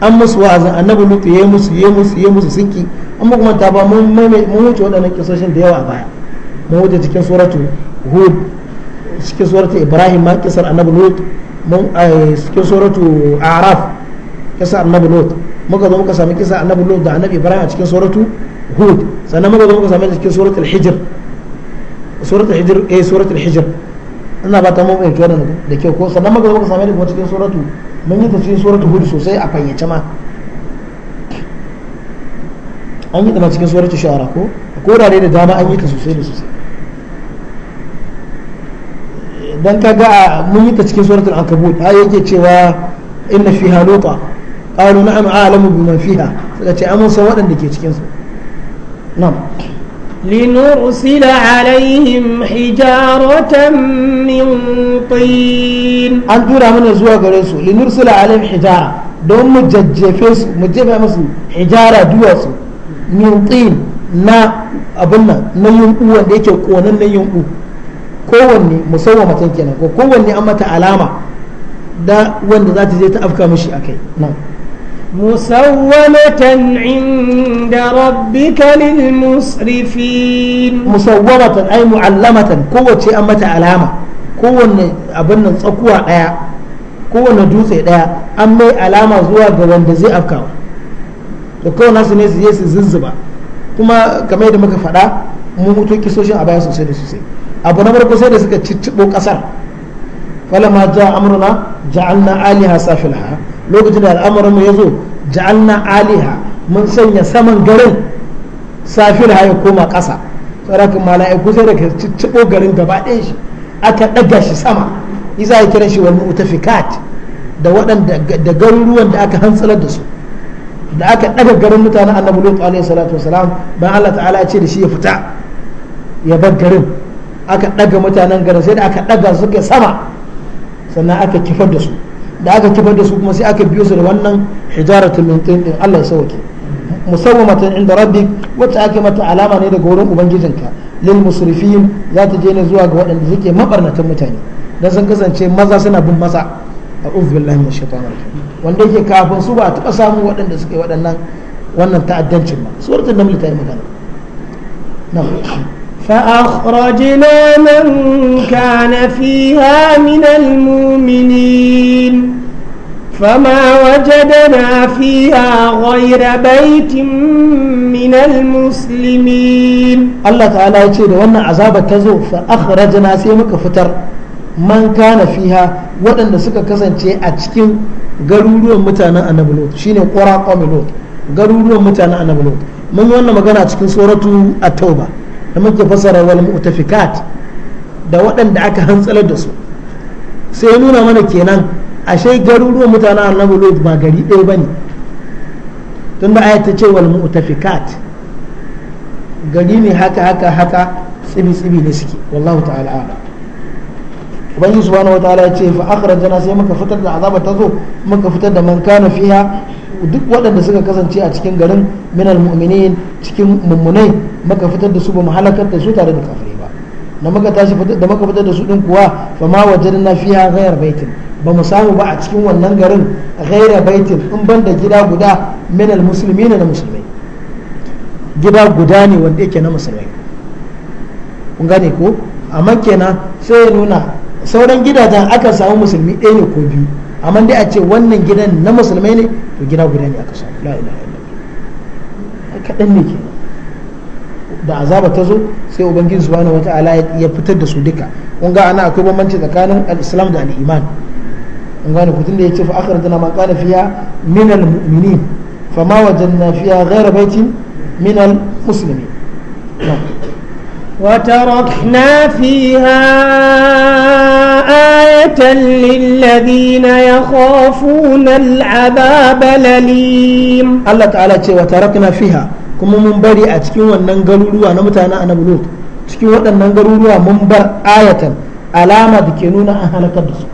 an musu wa'azin annabi lutu ya musu ya musu ya musu suki an kuma ta ba mun wuce waɗannan kisoshin da yawa baya mun wuce cikin suratu hud cikin suratu ibrahim ma kisar annabi lut mun cikin suratu araf kisar annabi lut muka zo muka sami kisa annabi lut da annabi ibrahim a cikin suratu hud sannan muka zo muka sami cikin suratul hijr suratul hijr eh suratul hijr ina ba ta mu mai tuwa da kyau ko sannan muka zo muka sami daga cikin suratu mun yi ta cikin suratul hud sosai a fayyace ma an yi ta cikin suratul shu'ara ko a korare da dama an yi ta sosai da sosai dan ga mun yi ta cikin suratul ankabut a yake cewa inna fiha luta na na'am a'lamu bima fiha suka ce amun san waɗanda ke cikin su na'am لنرسل عليهم حجارة من طين أن ترى من زوا غرسو لنرسل عليهم حجارة دوم مججفس مججف duwatsu حجارة دوسو من طين نا أبنا نيوم أو ديكو كونن نيوم أو kowanne musawwamatan kenan ko kowanne an mata alama da wanda za ta je ta afka mishi kai nan inda lil musrifin musawwamatan ay muallamatan kowace an mata alama kowanne abin nan tsakuwa daya kowanne dutse daya an mai alama zuwa ga wanda zai afka da kawai nasu ne su je su zuzzuba kuma kamar yadda muka faɗa mun mutu kisoshin a baya sosai da sosai abu na farko sai da suka cicciɓo ƙasar falama ja amruna ja'alna aliha safilaha lokacin da al'amarin mu yazo ja'alna aliha mun sanya saman garin safilaha ya koma ƙasa tsarakin mala'iku sai da cicciɓo garin gaba ɗaya shi aka ɗaga shi sama isa ya kira shi wani mu'tafikat da waɗanda da garuruwan da aka hantsalar da su da aka ɗaga garin mutanen annabi lutu alaihi salatu wasalam ban Allah ta'ala ce da shi ya fita ya bar garin aka ɗaga mutanen garin sai da aka ɗaga suka sama sannan aka kifar da su da aka kifar da su kuma sai aka biyo su da wannan hijara min tin din Allah ya sauke musawwamatan inda rabbi wacce ake mata alama ne daga wurin ubangijinka lil musrifin za ta je ne zuwa ga waɗanda suke mabarnatan mutane dan sun kasance maza suna bin masa a'udhu billahi minash shaitanir rajim wanda yake kafin su ba a taɓa samun waɗanda suke waɗannan wannan ta'addancin ba suratul naml ta yi magana na'am فأخرجنا من كان فيها من المؤمنين فما وجدنا فيها غير بيت من المسلمين الله تعالى يقول وانا عذاب تزو فأخرجنا سيمك فتر man kana fiha waɗanda suka kasance a cikin garuruwan mutanen annabi lot shine qura qawmi garuruwan mutanen annabi lot mun yi wannan magana cikin suratu at-tauba da muke fasara wal mu'tafikat da waɗanda aka hantsalar da su sai nuna mana kenan ashe garuruwan mutanen annabi lut ba gari ɗaya bane tun da ayat ta ce wal mu'tafikat gari ne haka haka haka tsibi tsibi ne suke wallahu ta'ala ala ubangiji subhanahu wataala ya ce fa jana sai muka fitar da azaba ta zo muka fitar da man kana fiha duk waɗanda suka kasance a cikin garin minal mu'minin cikin mummunai maka fitar da su ba mu halakar da su tare da kafirai ba na maka tashi da maka fitar da su din kuwa fa ma wajadna fiya gayar baitin ba mu samu ba a cikin wannan garin gayar baitin in ban da gida guda minal muslimina na musulmai gida guda ne wanda yake na musulmai kun gane ko amma kenan sai ya nuna sauran gidajen aka samu musulmi ɗaya ne ko biyu amma dai a ce wannan gidan na musulmai ne to gida guda ne aka samu la ilaha illallah kaɗan ne kenan da azaba ta zo sai ubangiji subhanahu wata'ala ya fitar da su duka kun ga ana akwai bambanci tsakanin al-islam da al-iman kun gane kutun da yace fa akhrajna man kana fiya min al-mu'minin fama wajanna fiya ghayra baitin min al-muslimin وتركنا فيها آية للذين يخافون العذاب الأليم الله تعالى وتركنا فيها kuma mun bari a cikin wannan garuruwa na mutanen annabi lut cikin waɗannan garuruwa mun bar ayatan alama da ke nuna an halakar da su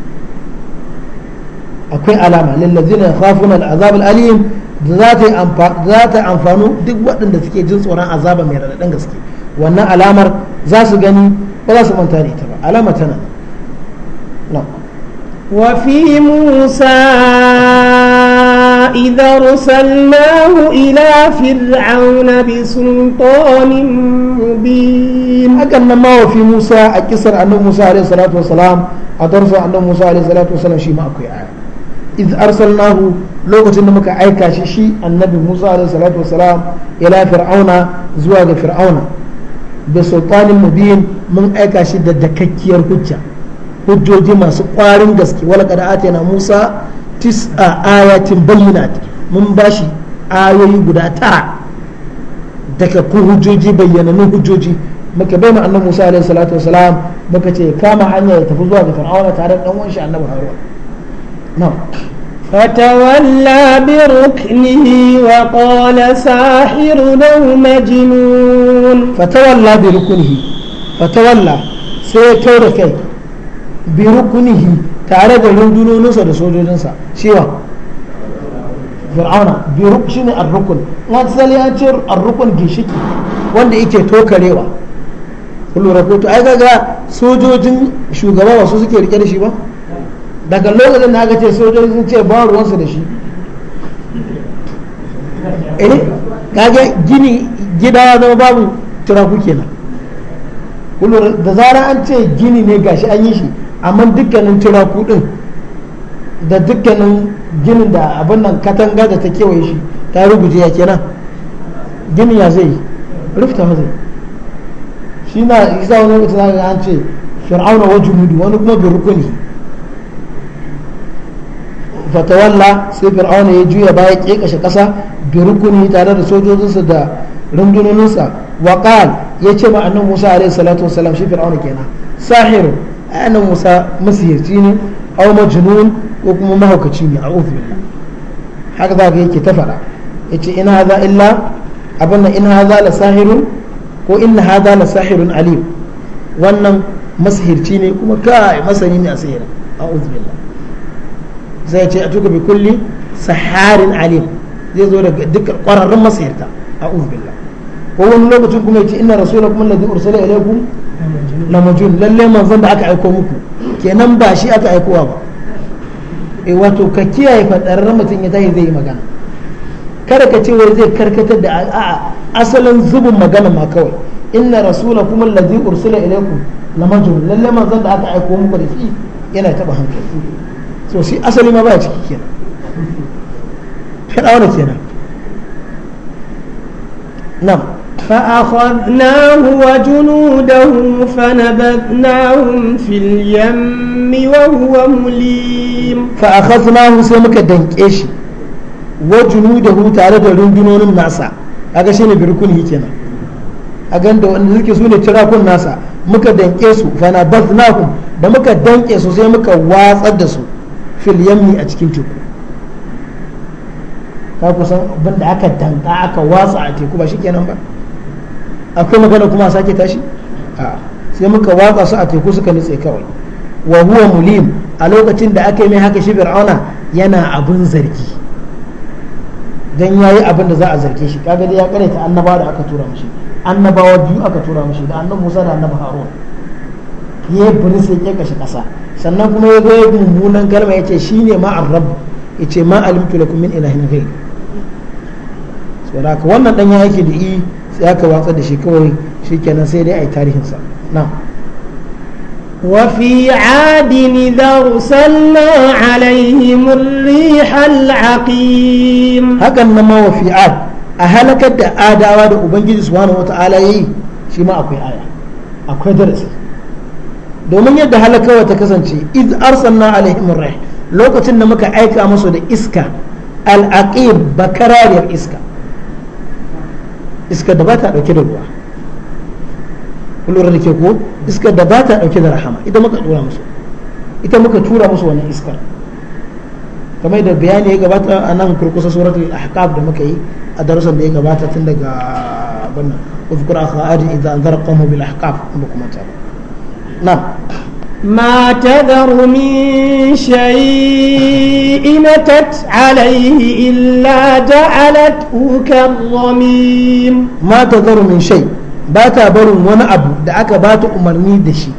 akwai alama lillazina yakhafuna al'azab al'alim za ta za ta duk waɗanda suke jin tsoron azaba mai raɗaɗin gaske wannan alamar za su gani ba za su manta da ita ba alama tana نعم وفي موسى إذا أرسلناه إلى فرعون بسلطان مبين أكن ما وفي موسى أكسر أن موسى عليه الصلاة والسلام أترسل أن موسى عليه الصلاة والسلام شيء ما أكوي إذ أرسلناه lokacin da muka aika shi shi annabi musa alaihi salatu wasalam ila fir'auna zuwa ga fir'auna bi sultanin mubin mun aika shi da dakakkiyar hujja hujjoji masu ƙwarin gaske wala kada na Musa tis'a ayatin bayyinat mun bashi ayoyi guda tara daga ku hujjoji bayyananun hujjoji muka bai annabi Musa alaihi salatu wasalam muka ce kama hanya ya tafi zuwa ga Fir'auna tare da dan uwan shi annabi Harun na'am فتولى بركنه وقال ساحر أو مجنون فتولى بركنه فتولى سيتوركي birukunihi tare da rundunoninsa da sojojinsa cewa fir'auna biruk shine ar-rukun na tsali an ce ar-rukun gishiki wanda yake tokarewa kullum rahoto ai kaga sojojin shugaba ba su suke rike da shi ba daga lokacin da aka ce sojojin sun ce ba ruwansu da shi eh kaga gini gida ya zama babu turaku kenan kullu da zarar an ce gini ne gashi an yi shi amma dukkanin turaku din da dukkanin ginin da abin nan katanga da ta kewaye shi ta ruguje ya kenan ginin ya zai rufta zai shi na isa wani lokaci za an ce fir'auna wa junudu wani kuma bi rukuni fatawalla sai fir'auna ya juya baya kekashe kasa bi rukuni tare da sojojinsa da rundunoninsa wa qal ya ce ma annabi Musa alaihi salatu wassalam shi fir'auna kenan sahirun ana musa masihirci ne aw majnun ko kuma mahaukaci ne a'udhu billah haka za yake ta fara yace in hadha illa abinda in hadha la sahirun ko inna hadha la sahirun alim wannan masihirci ne kuma kai masani ne a sihirin a'udhu billah zai ce a tuka bi kulli saharin alim zai zo daga dukkan kwararrun masihirta a'udhu billah ko wani lokacin kuma yace inna rasulakum alladhi ursila ilaykum la majun lalle manzon da aka aiko muku kenan ba shi aka aikowa ba eh wato ka kiyaye fadarren mutum ya tashi zai yi magana kada ka ce wai zai karkatar da asalin zubin magana ma kawai inna rasulakum allazi ursila ilaykum la majun lalle manzon da aka aiko muku da shi yana taba hankali so shi asali ma ba ya ciki kenan wani kenan na'am فأخذناه وجنوده فنبذناهم في اليم وهو مليم فأخذناه سمك دنكيش وجنوده تعرض جنون الناس aga shi ne birkun hikina a ganda wanda suke su ne tirakun nasa muka danke su fana baznahum da muka su sai muka da su a cikin teku ka aka danka aka watsa a teku ba kenan ba akwai magana kuma a sake tashi a sai muka watsa su a teku suka nutse kawai wa huwa mulim a lokacin da aka yi mai haka shi fir'auna yana abin zargi dan yayi abin da za a zarge shi kaga dai ya ta annaba da aka tura mishi annabawa biyu aka tura mishi da annabi Musa da annabi Harun ya bari sai ya kashe kasa sannan kuma ya ga mummunan kalma yace shine ma ar-rabb yace ma alimtu lakum min ilahin ghayr saboda wannan dan yake da i sai aka watsar da shi kawai sai dai a yi tarihinsa na وفي عاد إذا أرسلنا عليهم الريح العقيم هكذا ما وفي عاد أهلك الدعاء دعوة أبنجي سبحانه وتعالى شما أكوي آية أكوي درس domin yadda halakawa ta kasance iz arsalna alaihim rih lokacin da muka aika masu da iska al-aqib bakarariyar iska iskar da ba ta dauke da ruwa kullum da ke ko iskar da ba ta dauke da rahama ita muka tura musu ita muka tura musu wannan iskar kamar da bayani ya gabata a nan kurkusa suratul ahqaf da muka yi a darussan da ya gabata tun daga wannan uzkur akha adi idan zarqamu bil ahqaf kuma ta na ما تذر من شيء نتت عليه إلا جعلته كالرميم ما تذر من شيء باتا برم وانا أبو دعك بات أمرني دشي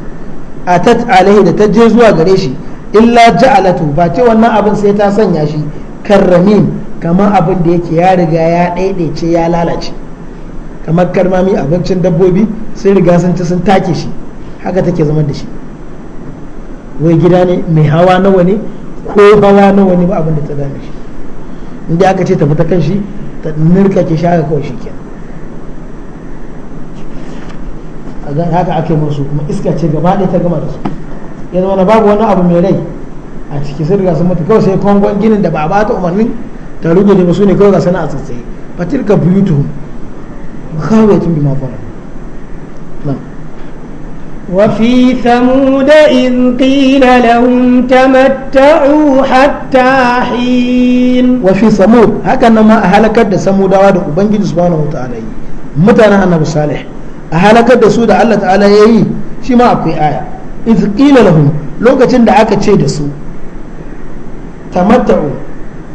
أتت عليه لتجزوا وغريشي إلا جعلته باتي وانا أبن سيتا سنياشي كالرميم كما أبن ديك يا رجايا ايدي يا لالاتي kamar karmami abincin dabbobi sun riga sun ci sun take shi haka take zama da shi wai gida ne mai hawa nawa ne ko hawa nawa ne ba abin da ta dame shi inda aka ce tafi ta kan shi ta nirka ke shaka kawai shi ke a gan haka ake musu kuma iska ce gaba ɗaya ta gama da su yanzu wani babu wani abu mai rai a ciki sun riga sun mutu kawai sai kwangon ginin da ba a bata umarnin ta rugu ba su ne kawai ga sana'a tsaye fatilka kawai tun bi farat وفي ثمود إذ قيل لهم تمتعوا حتى حين وفي ثمود هكذا ما أهلكت ثمود وعد أبنجد سبحانه وتعالى متنا النبي صالح أهلكت سود الله تعالى يهي شما أكوي آية إذ قيل لهم لو كتن عكا تشيد سو تمتعوا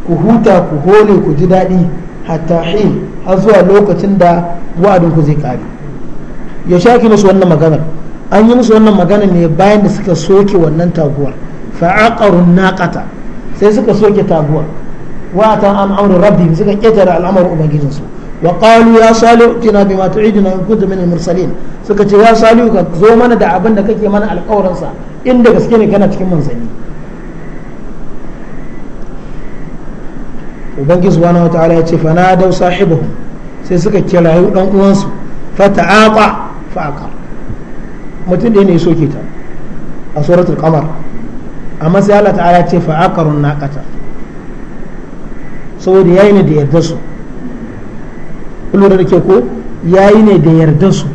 كهوتا كهولي كجدادي حتى حين أزوى لو كتن دا وعدكم زي كاري يشاكي نسوى النمغانر an yi musu wannan magana ne bayan da suka soke wannan taguwar fa'aqarun naqata sai suka soke taguwar wa ta an amru rabbi suka ƙetare al'amarin ubangijin su wa qalu ya salihu tina bima tu'iduna in kunta min mursalin suka ce ya salihu ka zo mana da abin da kake mana alƙawarin sa inda gaske ne kana cikin manzanni ubangiji subhanahu wataala ya ce fa na dau sai suka yau dan uwansu fa ta'aqa fa mutum ɗaya ne ya soke ta a suratul kamar amma sai Allah ta'ala ce fa aqarun naqata saboda yayi ne da yarda su lura da ke ko yayi ne da yarda su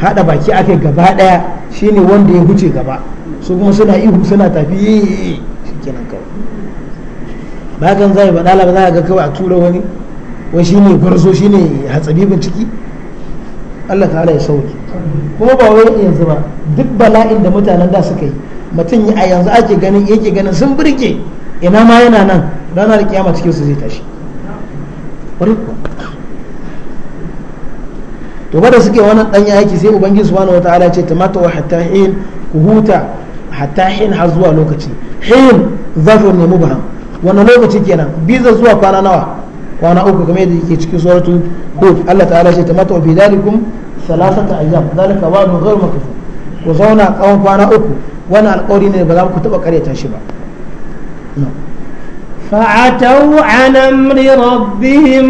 hada baki ake gaba daya shine wanda ya huce gaba su kuma suna ihu suna tafi shikenan kawai ba kan zai dala ba za ga kawai a tura wani wai shine gwarzo shine hatsabibin ciki Allah ta'ala ya sauke kuma ba wai yanzu ba duk bala'in da mutanen da suka yi mutum a yanzu ake ganin yake ganin sun birke ina ma yana nan ranar kiyama cikin su zai tashi to ba da suke wannan dan aiki sai ubangiji subhanahu wataala ya ce tamata wa hatta hin ku huta hatta hin har zuwa lokaci hin zafin ne mubham wannan lokaci kenan biza zuwa kwana nawa kwana uku kamar yadda yake cikin suratul hud Allah ta'ala ce tamata wa bidalikum salasata ayyam zalika wa'dun ghayr makfur ku zauna tsawon kwana uku wani alƙawari ne ba za ku taɓa ƙaryata shi ba فعتوا عن أمر ربهم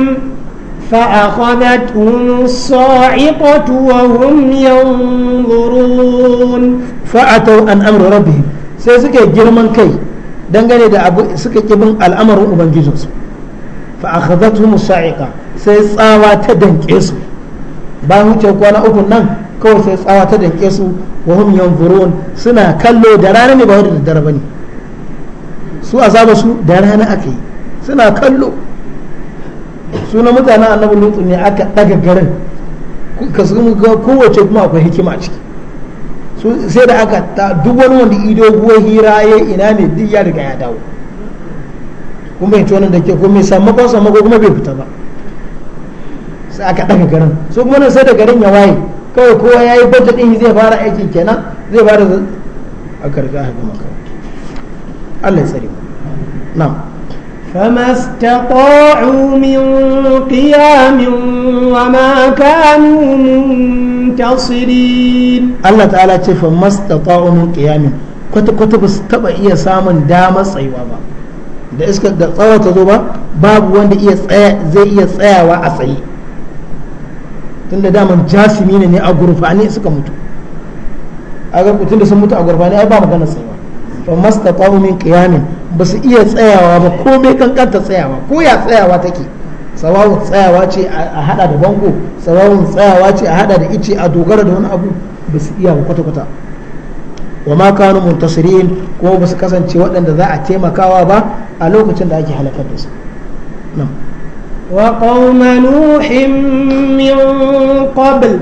فأخذتهم الصاعقة وهم ينظرون فعتوا عن أمر ربهم سيسكى جرمان كي dangane da abu suka ƙi bin al'amarin ubangijinsu fa akhadhatuhum sa'iqa sai tsawa ta danke su bayan wuce kwana uku nan kawai sai tsawa ta danke su wa hum yanzurun suna kallo da rana ne ba wani da dare bane su azaba su da rana aka yi suna kallo suna mutanen annabi lutsu ne aka daga garin ka su ga kowace kuma akwai hikima a ciki sai da aka ta duk wani wanda ido guwa hira ya ina ne duk ya riga ya dawo kuma ya ci da ke kuma sammako sammako kuma bai fita ba sai aka ɗaga garin su kuma sai da garin ya waye kawai kowa ya yi budget ɗin zai fara aiki kenan zai fara a karga haka maka Allah ya tsare na'am فما استطاعوا من قيام وما كانوا منتصرين الله تعالى ce فما استطاعوا من قيام kwata kwata ba su taba iya samun damar tsayuwa ba da iska ga tsawa ta zo ba babu wanda iya zai iya tsayawa a tsaye tun da daman jasimi ne ne a gurfani suka mutu a ga da sun mutu a gurfani ai ba magana tsayawa fa mastata'u min qiyamin ba su iya tsayawa ba komai kankanta tsayawa ko ya tsayawa take tsayawa ce a hada da bango tsayawa ce a hada da ice a dogara da wani abu ba su iya kwata kwata wa ma kanu muntasirin kuma ba su kasance waɗanda za a taimakawa ba a lokacin da ake halakar da su وقوم نوح من قبل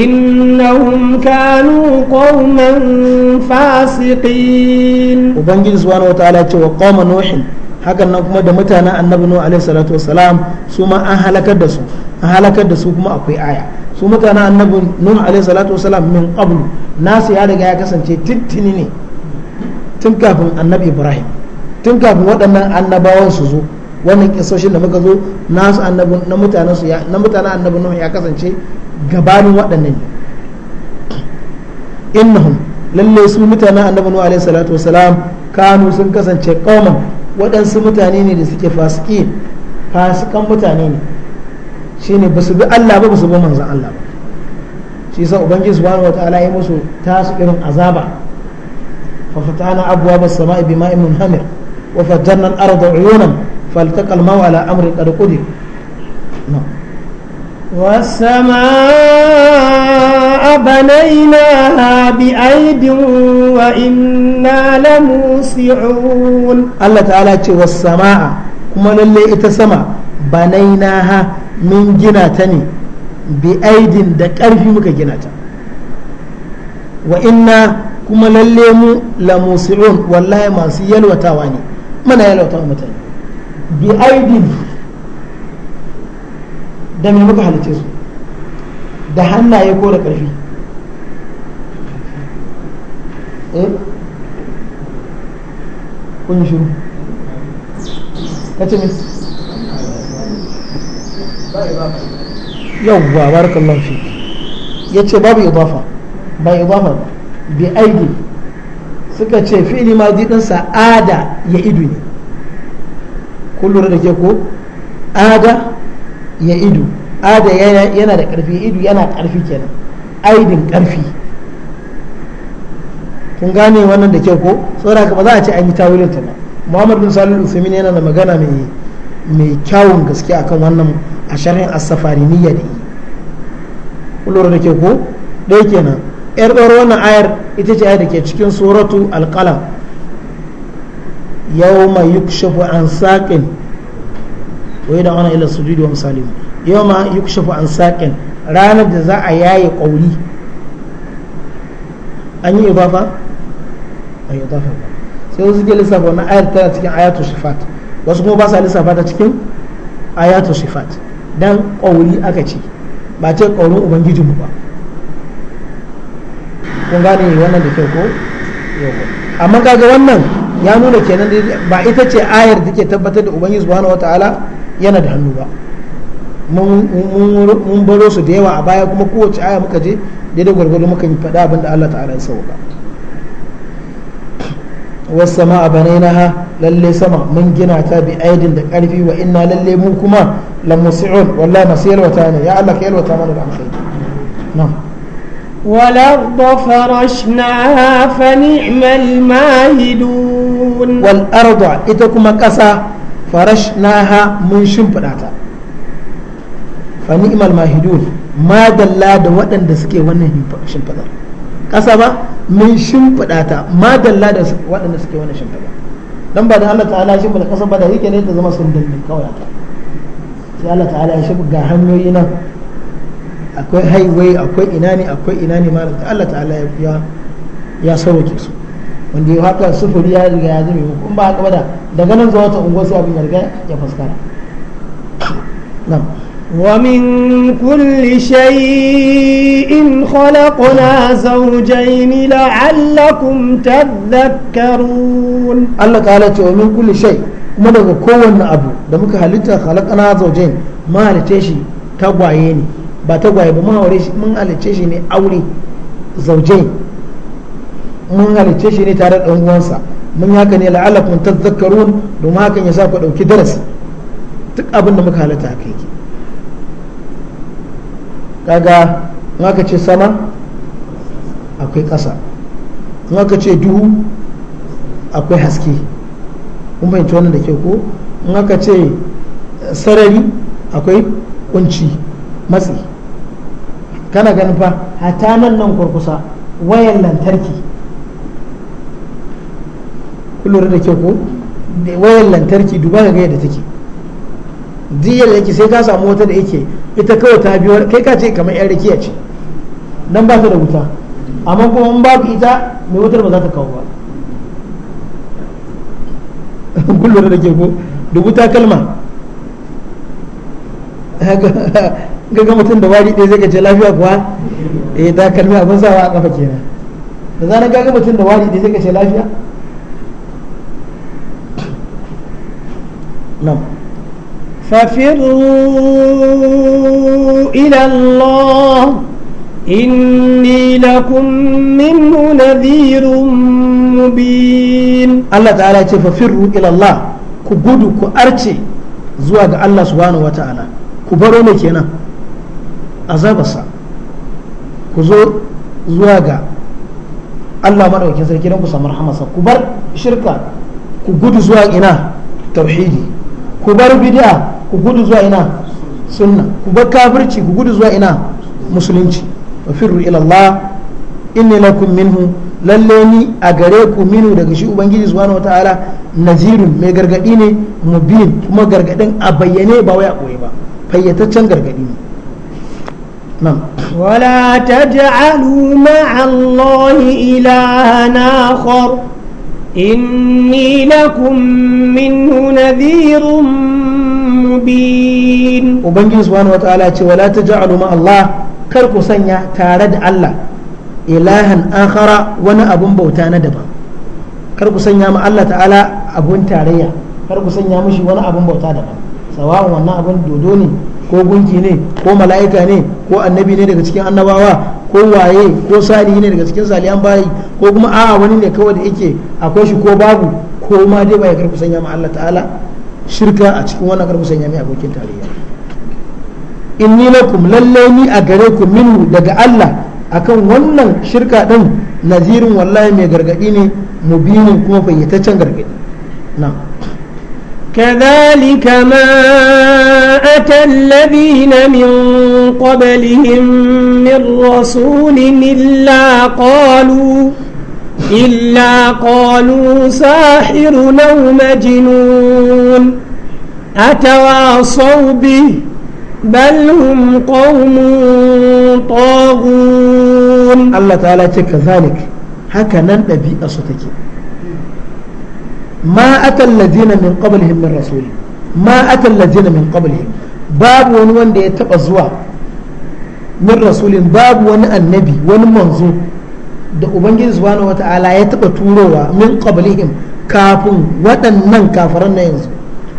إنهم كانوا قوما فاسقين وبنجي سبحانه وتعالى وقوم نوح hakan nan kuma da mutanen annabi nuhu alaihi salatu wassalam su ma an halakar da su an halakar da su kuma akwai aya su mutanen annabi nuhu alaihi salatu wassalam min qablu nasu ya riga ya kasance tittini ne tun kafin annabi ibrahim tun kafin waɗannan annabawan su zo wannan kisoshin da muka zo nasu annabin na mutanen su na mutanen annabin nuhu ya kasance gabanin waɗannan innahum lalle su mutanen annabin nuhu alaihi salatu wasalam kanu sun kasance qauman waɗansu mutane ne da suke fasiki fasikan mutane ne shine ba su bi Allah ba ba su bi manzon Allah ba shi yasa ubangiji subhanahu wataala ya musu tasu irin azaba fa fatana abwaaba as-samaa'i bima'in munhamir wa fajjarna al-arda 'uyunan فالتقى الماء على أمر قد قدر نعم والسماء بنيناها بأيد وإنا لموسعون الله تعالى والسماء كما للي اتسمع بنيناها من جناتني بأيد دكار في مكة جناتا وإنا كما للي لموسعون والله ما سيلوتا واني من يلوتا ومتاني bi aidin da me muka halice su da hannaye ko da ƙarfi eh kun shiru kace me yawwa barakallahu fi ce babu idafa ba idafa ba bi aidin suka ce fi'li ma din sa'ada ya idu ne kullum da ke ko ada ya idu ada yana da karfi idu yana karfi kenan aidin karfi kun gane wannan da ke ko saboda ba za a ce an yi tawilin ta ba muhammad bin salih usaimin yana da magana mai mai kyawun gaske akan wannan a sharhin as-safariniyya da yi kullum da ke ko dai kenan yar ɗaura wannan ayar ita ce ayar da ke cikin suratu al yawma yukshafu an saqin da wani ila sujudi wa musalimu yawma yukshafu an saqin ranar da za a yaye kauri an yi idafa an yi idafa sai wasu ke lissafa wannan ayar tara cikin ayatu shifat wasu kuma ba sa lissafa ta cikin ayatu shifat dan kauri aka ce ba ce kaurin ubangijin ba kun gane wannan da kyau ko amma kaga wannan ya nuna kenan ba ita ce ayar da ke tabbatar da ubangiji subhanahu wataala yana da hannu ba mun baro su da yawa a baya kuma kowace aya muka je daidai gwargwado muka yi faɗa abin da Allah ta'ala ya sauka wasu sama a banai na ha lalle sama mun gina ta bi aidin da ƙarfi wa inna lalle mu kuma la musi'un wallahi masu yalwata ne ya Allah ka yalwata mana da alkhairi na والأرض فرشناها فنعم الماهدون wal arda ita kuma ƙasa farashnaha mun shimfiɗa ta fa ni'mal mahidun ma dalla da waɗanda suke wannan shimfiɗar ƙasa ba mun shimfiɗa ta ma dalla da waɗanda suke wannan shimfiɗar don ba da Allah ta'ala shi bala ƙasa ba da yake ne ta zama sun dalilin kawai ta sai Allah ta'ala ya shi ga hanyoyi nan akwai highway akwai ina ne akwai ina ne ma Allah ta'ala ya ya sauke su wanda ya haka sufuri ya riga ya zame hukun in ba haka bada da daga nan zuwa ta unguwar sai abin ya riga ya fuskara nan ومن كل شيء خلقنا زوجين لعلكم تذكرون الله تعالى ومن كل شيء kuma daga kowanne abu da muka halitta halakana zaujain ma halitta shi tagwaye ne ba tagwaye ba mun halitta shi ne aure zaujain mun halicce shi ne tare da uwansa mun yi haka ne ta zakarun domin hakan ya sa ku ɗauki darasi duk abin da muka halitta haka yake kaga in aka ce sama akwai ƙasa in aka ce duhu akwai haske kun fahimci wannan da ke ko in aka ce eh, sarari akwai kunci matsi kana ganin fa hata nan nan kurkusa wayan lantarki kullum da ke ko wayan lantarki duba ga yadda take diyar yake sai ka samu wata da yake ita kawai ta biyar kai ka ce kamar yan rakiya ce dan ba ta da wuta amma kuma in ku ita mai wutar ba za ta kawo ba *laughs* kullum da ke ko da wuta kalma gaga *laughs* mutum da wari ɗaya zai gace lafiya kuwa eh ta kalma abin sawa a kafa kenan da zanen gaga mutum da wari ɗaya zai gace lafiya نعم ففروا إلى الله إني لكم منه نذير مبين الله تعالى ففروا إلى الله كبدوا كأرتي زواج الله سبحانه وتعالى كبروا مكينا أزاب الصعب ku zo zuwa ga Allah maɗaukin sarki don ku samu rahamarsa ku bar shirka ku gudu zuwa ina tauhidi ku bar bid'a ku gudu zuwa ina sunna ku bar kafirci ku gudu zuwa ina musulunci wa firru ila Allah inni lakum minhu lalle ni a gare ku minu daga shi ubangiji subhanahu wataala nazirun mai gargadi ne mubin kuma gargadin a bayyane ba wai a koyi ba fayyataccen gargadi ne نعم ولا تجعلوا مع الله إلها آخر إني لكم منه نذير مبين وبنجي سبحانه وتعالى ولا تجعلوا مع الله كركو سنيا تارد الله إلها آخر وانا أبن بوتانا دبا كركو سنيا مع الله تعالى أبن تاريا كركو سنيا مشي وانا أبن بوتانا دبا سواء وانا أبن دودوني ko gunki ne ko mala'ika ne ko annabi ne daga cikin annabawa ko waye ko sali ne daga cikin saliyan bayi ko kuma a'a wani ne kawai da yake akwai shi ko babu ko ma dai ba ya sanya ma Allah ta'ala shirka a cikin wannan karku sanya mai abokin tarayya inni lakum lalle ni a gare ku minhu daga Allah akan wannan shirka din nazirin wallahi mai gargadi ne mubinin kuma fayyataccen gargadi na'am كذلك ما أتى الذين من قبلهم من رسول إلا قالوا إلا قالوا ساحر أو مجنون أتواصوا به بل هم قوم طاغون الله تعالى كذلك هكذا نبي أصتك ma atal ladina min qablihim min rasuli min qablihim babu wani wanda ya taba zuwa min rasulin babu wani annabi wani manzo da ubangiji subhanahu wata'ala ya taba turowa min qablihim kafin waɗannan kafiran na yanzu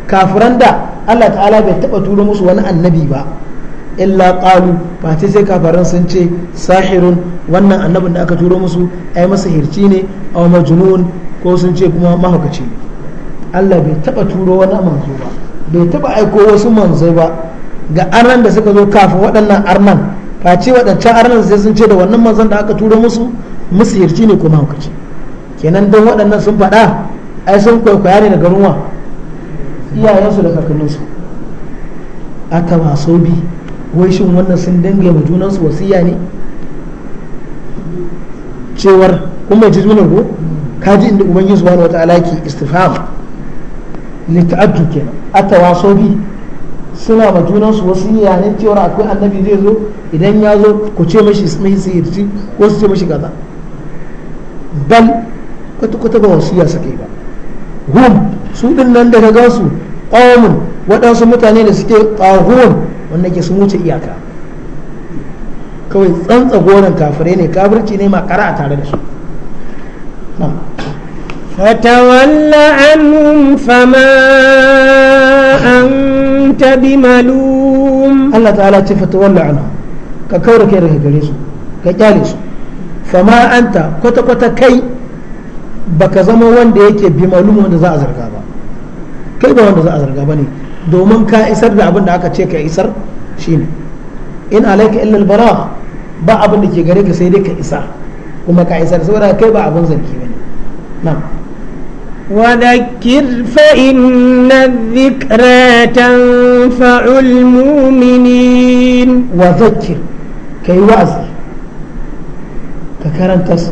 kafiran da Allah ta'ala bai taba turo musu wani annabi ba illa qalu fati sai kafaran sun ce sahirun wannan annabin da aka turo musu ai masa hirci ne aw majnun ko sun ce kuma mahaukaci Allah bai taba turo wani manzo ba bai taba aiko wasu manzo ba ga arnan da suka zo kafin waɗannan arnan face waɗancan arnan sai sun ce da wannan manzon da aka turo musu yarci ne ko mahaukaci kenan don waɗannan sun faɗa ai sun kwaikwaya ne daga ruwa iyayensu da kakanninsu aka maso bi wai shin wannan sun dange ma junansu wasiya ne cewar kuma ji jimlar ko kaji inda ubangiji subhanahu wataala ke istifham lita'addu kenan atawaso bi suna ma junansu wasu yanin cewar akwai annabi zai zo idan ya zo ku ce mashi mai sihirci ko su ce mashi kaza bal kwata-kwata ba wasu suka yi ba hum su din nan da ga su waɗansu mutane da suke qahun wanda ke sun wuce iyaka kawai tsantsa gonan kafirai ne kafirci ne ma ƙara a tare da su فتول عنهم فما أنت بملوم الله تعالى فتول عنهم ككورك يرهي قريسو كجالس فما أنت كتا كتا كي baka zama wanda yake bi malum wanda za a zarga ba kai ba wanda za a zarga ba ne domin ka isar da abin da aka ce ka isar shine in alaika illa albara ba abin da ke gare ka sai dai ka isa kuma ka isar saboda kai ba abin zargi ba نعم وذكر فإن الذكرى تنفع المؤمنين وذكر كي وعزي ككرن تس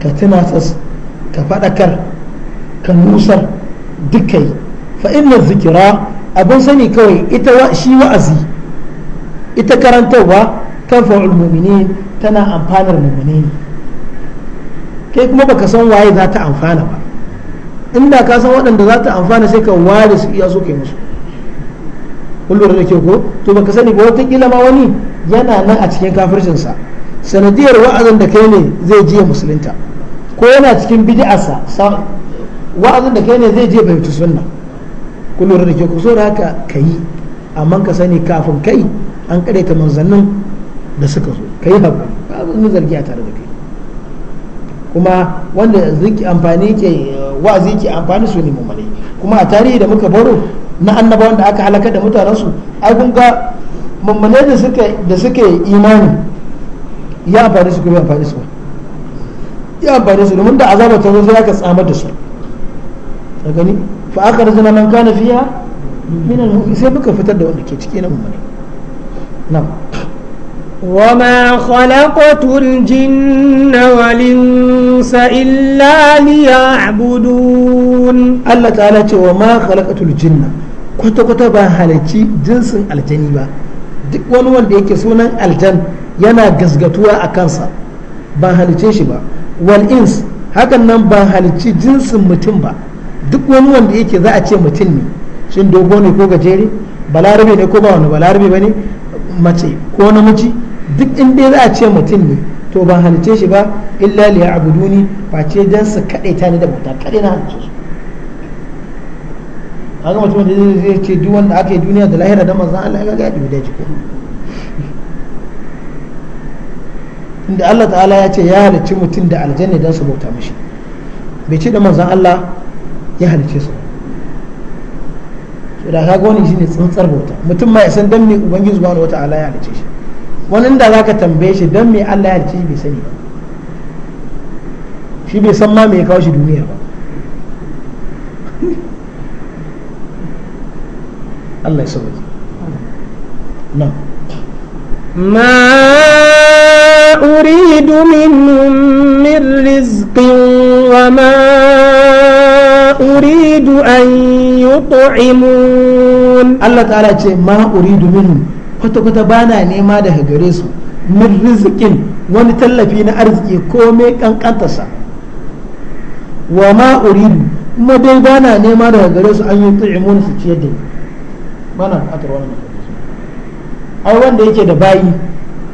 كتنا تس كفأكر كنوسر دكي فإن الذكرى أبو سني كوي إتا شي وعزي إتا كرن توا تنفع المؤمنين تنا أمبانر المؤمنين kai kuma baka san waye za ta amfana ba inda ka san waɗanda za ta amfana sai ka ware su iya so kai musu kullum da ke ko to baka sani ba wataƙila ma wani yana nan a cikin kafircinsa sanadiyar wa'azin da kai ne zai je musulunta ko yana cikin bid'arsa wa'azin da kai ne zai je fahimci sunna kullum da ke ko so da haka ka yi amma ka sani kafin kai an ta manzannin da suka zo ka yi haƙuri ba zan zargi a tare da kai kuma wanda ziki amfani ke wa ziki amfani su ne mummune kuma a tarihi da muka baro na annaba wanda aka halaka da mutanensu ai kun ga mummune da da suke imani ya amfani su kuma amfani su ya amfani su domin da azaba ta zo sai aka tsamar da su gani fa aka rajina man kana fiya min al sai muka fitar da wanda ke ciki na mummune na'am وما خلقت الجن والإنس الإنس إلا ليعبدون الله تعالى وما خلقت الجن كنت كنت بهالتي جنس الجني با duk wani wanda yake sunan aljan yana gasgatuwa a kansa ba halice shi ba wal ins hakan nan ba halici jinsin mutum ba duk wani wanda yake za a ce mutum ne shin dogo ne ko gajere balarabe ne ko ba wani balarabe ba ne mace ko namiji duk inda za a ce mutum ne to ban halice shi ba illa li ya'buduni ba ce dan su ta ni da bauta kadai na halice a an mutum da zai ce duk wanda aka yi duniya da lahira da manzon Allah ya ga ya da jiko inda Allah ta'ala ya ce ya halicci mutum da aljanna dan su bauta mishi bai ce da manzon Allah ya halice su da kaga wani ne tsantsar bauta mutum ma ya san dan me ubangiji wata ala ya halicce shi wanin da za ka tambaye shi don me Allah ya ci bai sani ba shi bai san ma me kawo shi duniya ba *laughs* Allah ya sa wuce na ma uridu minhum min rizqin wa ma uridu an yut'imun Allah ta ala ce ma uridu minhum kwata-kwata ba na nema daga gare su min rizikin wani tallafi na arziki komai kankantarsa wa ma uridu kuma dai ba na nema daga gare su an yi tsi'imun su ciyar da ba na wani ai wanda yake da bayi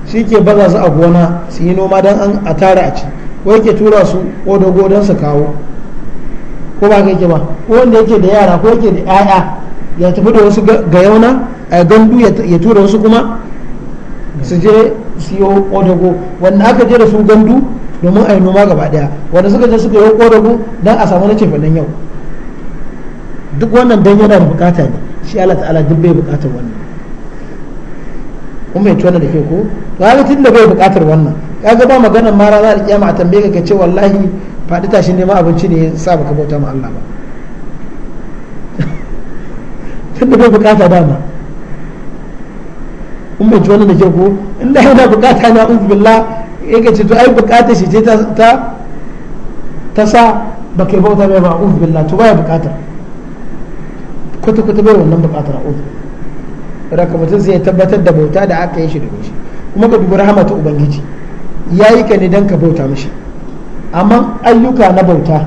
shi ke baza su a gona su yi noma don an a tara a ci ko yake tura su ko don su kawo ko ba ka yake ba ko wanda yake da yara ko yake da 'ya'ya ya tafi da wasu ga yauna Eh, a gandu ya tura wasu kuma su je su yi wanda aka je da su gandu domin a yi noma gaba daya wanda suka je suka yi kodago don a samu na fannin yau duk wannan don yana da bukata ne shi Allah ta'ala duk bai bukatar wannan kuma yace wannan da ke ko to haka tun da bai bukatar wannan kaga gaba maganar ma ranar kiyama a tambaye ka ce wallahi faɗi tashi neman abinci ne sa baka bauta ma Allah ba *laughs* tun da bai bukata dama in bai ji wani da ke ko in da yana bukata na uzbillah ya ce to ai bukata shi ce ta ta sa ba kai bauta mai ba uzbillah to baya bukatar kwata kwata bai wannan bukatar a uzu raka mutum sai ya tabbatar da bauta da aka yi shi da shi kuma ka dubi rahama ta ubangiji ya yi ka ne don ka bauta mishi amma ayyuka na bauta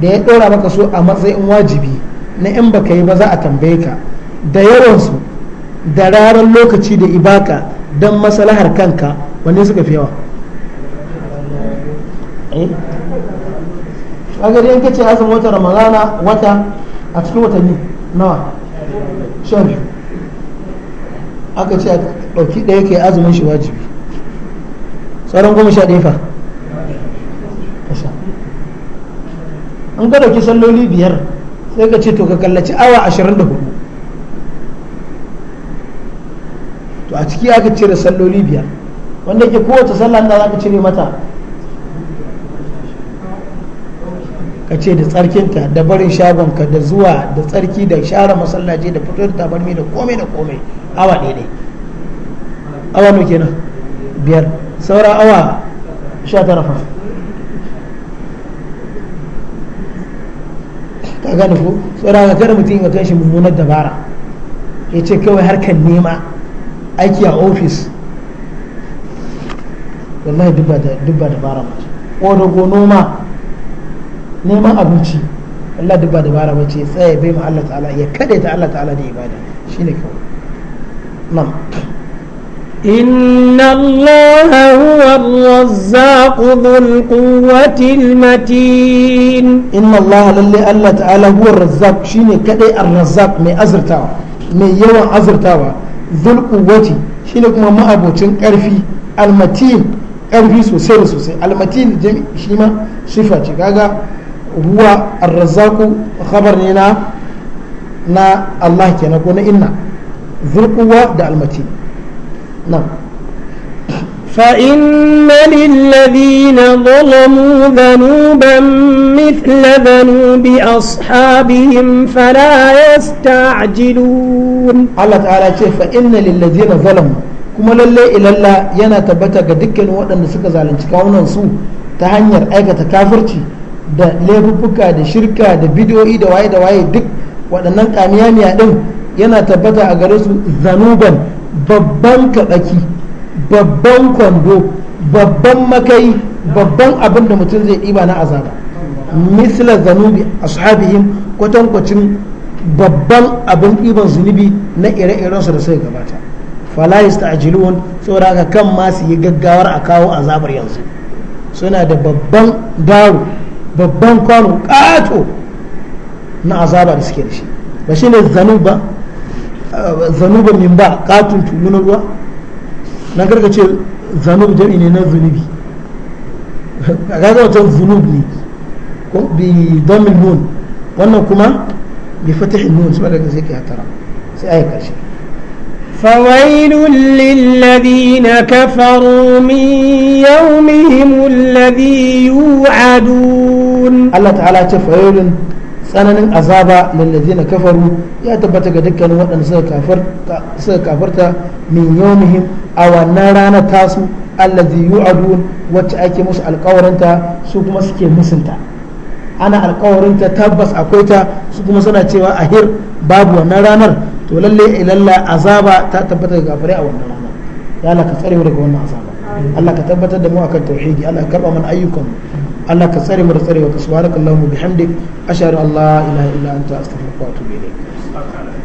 da ya ɗora maka so a matsayin wajibi na in baka yi ba za a tambaye ka da yawansu da rarar lokaci da ibaka don masalahar kanka wanne suka fi yawa a gari yanke ce azumin wata ramadana wata a cikin watanni nawa sha biyu aka ce a ɗauki ɗaya ke azumin shi wajibi sauran goma sha ɗaya fa an ka ɗauki salloli biyar sai ka ce to ka kallaci awa ashirin da hudu to a ciki aka cire salloli biyar wanda ke kowace sallah da za ka cire mata ka ce da tsarkinta da barin shagonka da zuwa da tsarki da share masallaci da fito da tabarmi da komai da komai awa ne awa no kenan biyar saura awa sha tara fa ka gane ko saura ka kada mutum ka kai shi mummunar dabara ya ce kawai harkar nema aiki a ofis wallahi dubba da bara mace ƙodago noma neman abinci wallahi dubba da mace ya tsaye bai ma Allah ta'ala ya kada ta Allah ta'ala da ibada shine kawai nan إن الله هو الرزاق ذو القوة المتين إن الله للي الله تعالى هو الرزاق شيني كده الرزاق مي أزرتاوا مي يوان أزرتاوا zulkuwaci shi ne kuma ma'abocin ƙarfi almatin ƙarfi sosai da sosai almatin jami shi ma sifa ce kaga huwa arrazaku khabar ne na na Allah kenan ko na inna zulkuwa da almatin na فإن للذين ظلموا ذنوبا مثل ذنوب أصحابهم فلا يستعجلون الله تعالى شيء فإن للذين ظلموا كما لله إلى الله ينا تبتا قدك وأن سكز على انتكاونا سوء تهنير أيكا تكافرتي da laifuka da shirka da bidiyoyi da waye da waye duk waɗannan kamiyamiya ɗin yana tabbata a gare su zanuban babban kaɗaki babban kwando babban makai babban abin da mutum zai ɗiba na azaba misla zanubi ashabihim kwatankwacin babban abin ɗiban zunubi na ire su da suka gabata fala yasta'jilun saboda haka kan ma su yi gaggawar a kawo azabar yanzu suna da babban daro babban kwano ƙato na azaba da suke da shi ba shine zanuba zanuba min ba ƙatun tulu na ruwa na karka ce zanub jami ne na zunubi a gaga wata zunub ne bi domin nun wannan kuma bi fatihin nun su daga zai kai tara sai ayi karshe فويل للذين كفروا من يومهم الذي يوعدون الله تعالى فويل tsananin azaba lallazina kafaru ya tabbata ga dukkanin waɗanda suka kafarta min yawmihim a wannan rana tasu allazi yu'adun wacce ake musu alƙawarinta su kuma suke musunta ana alƙawarinta tabbas akwai ta su kuma suna cewa ahir babu wannan ranar to lalle ilalla azaba ta tabbata ga kafirai a wannan ranar ya Allah ka tsare daga wannan azaba Allah ka tabbatar da mu akan tauhidi Allah ka karba mana ayyukan Allah ka tsare mu da tsarewa ka subhanakallahumma bihamdik a an allah ilaha illa anta astaghfiruka wa atubu ilayk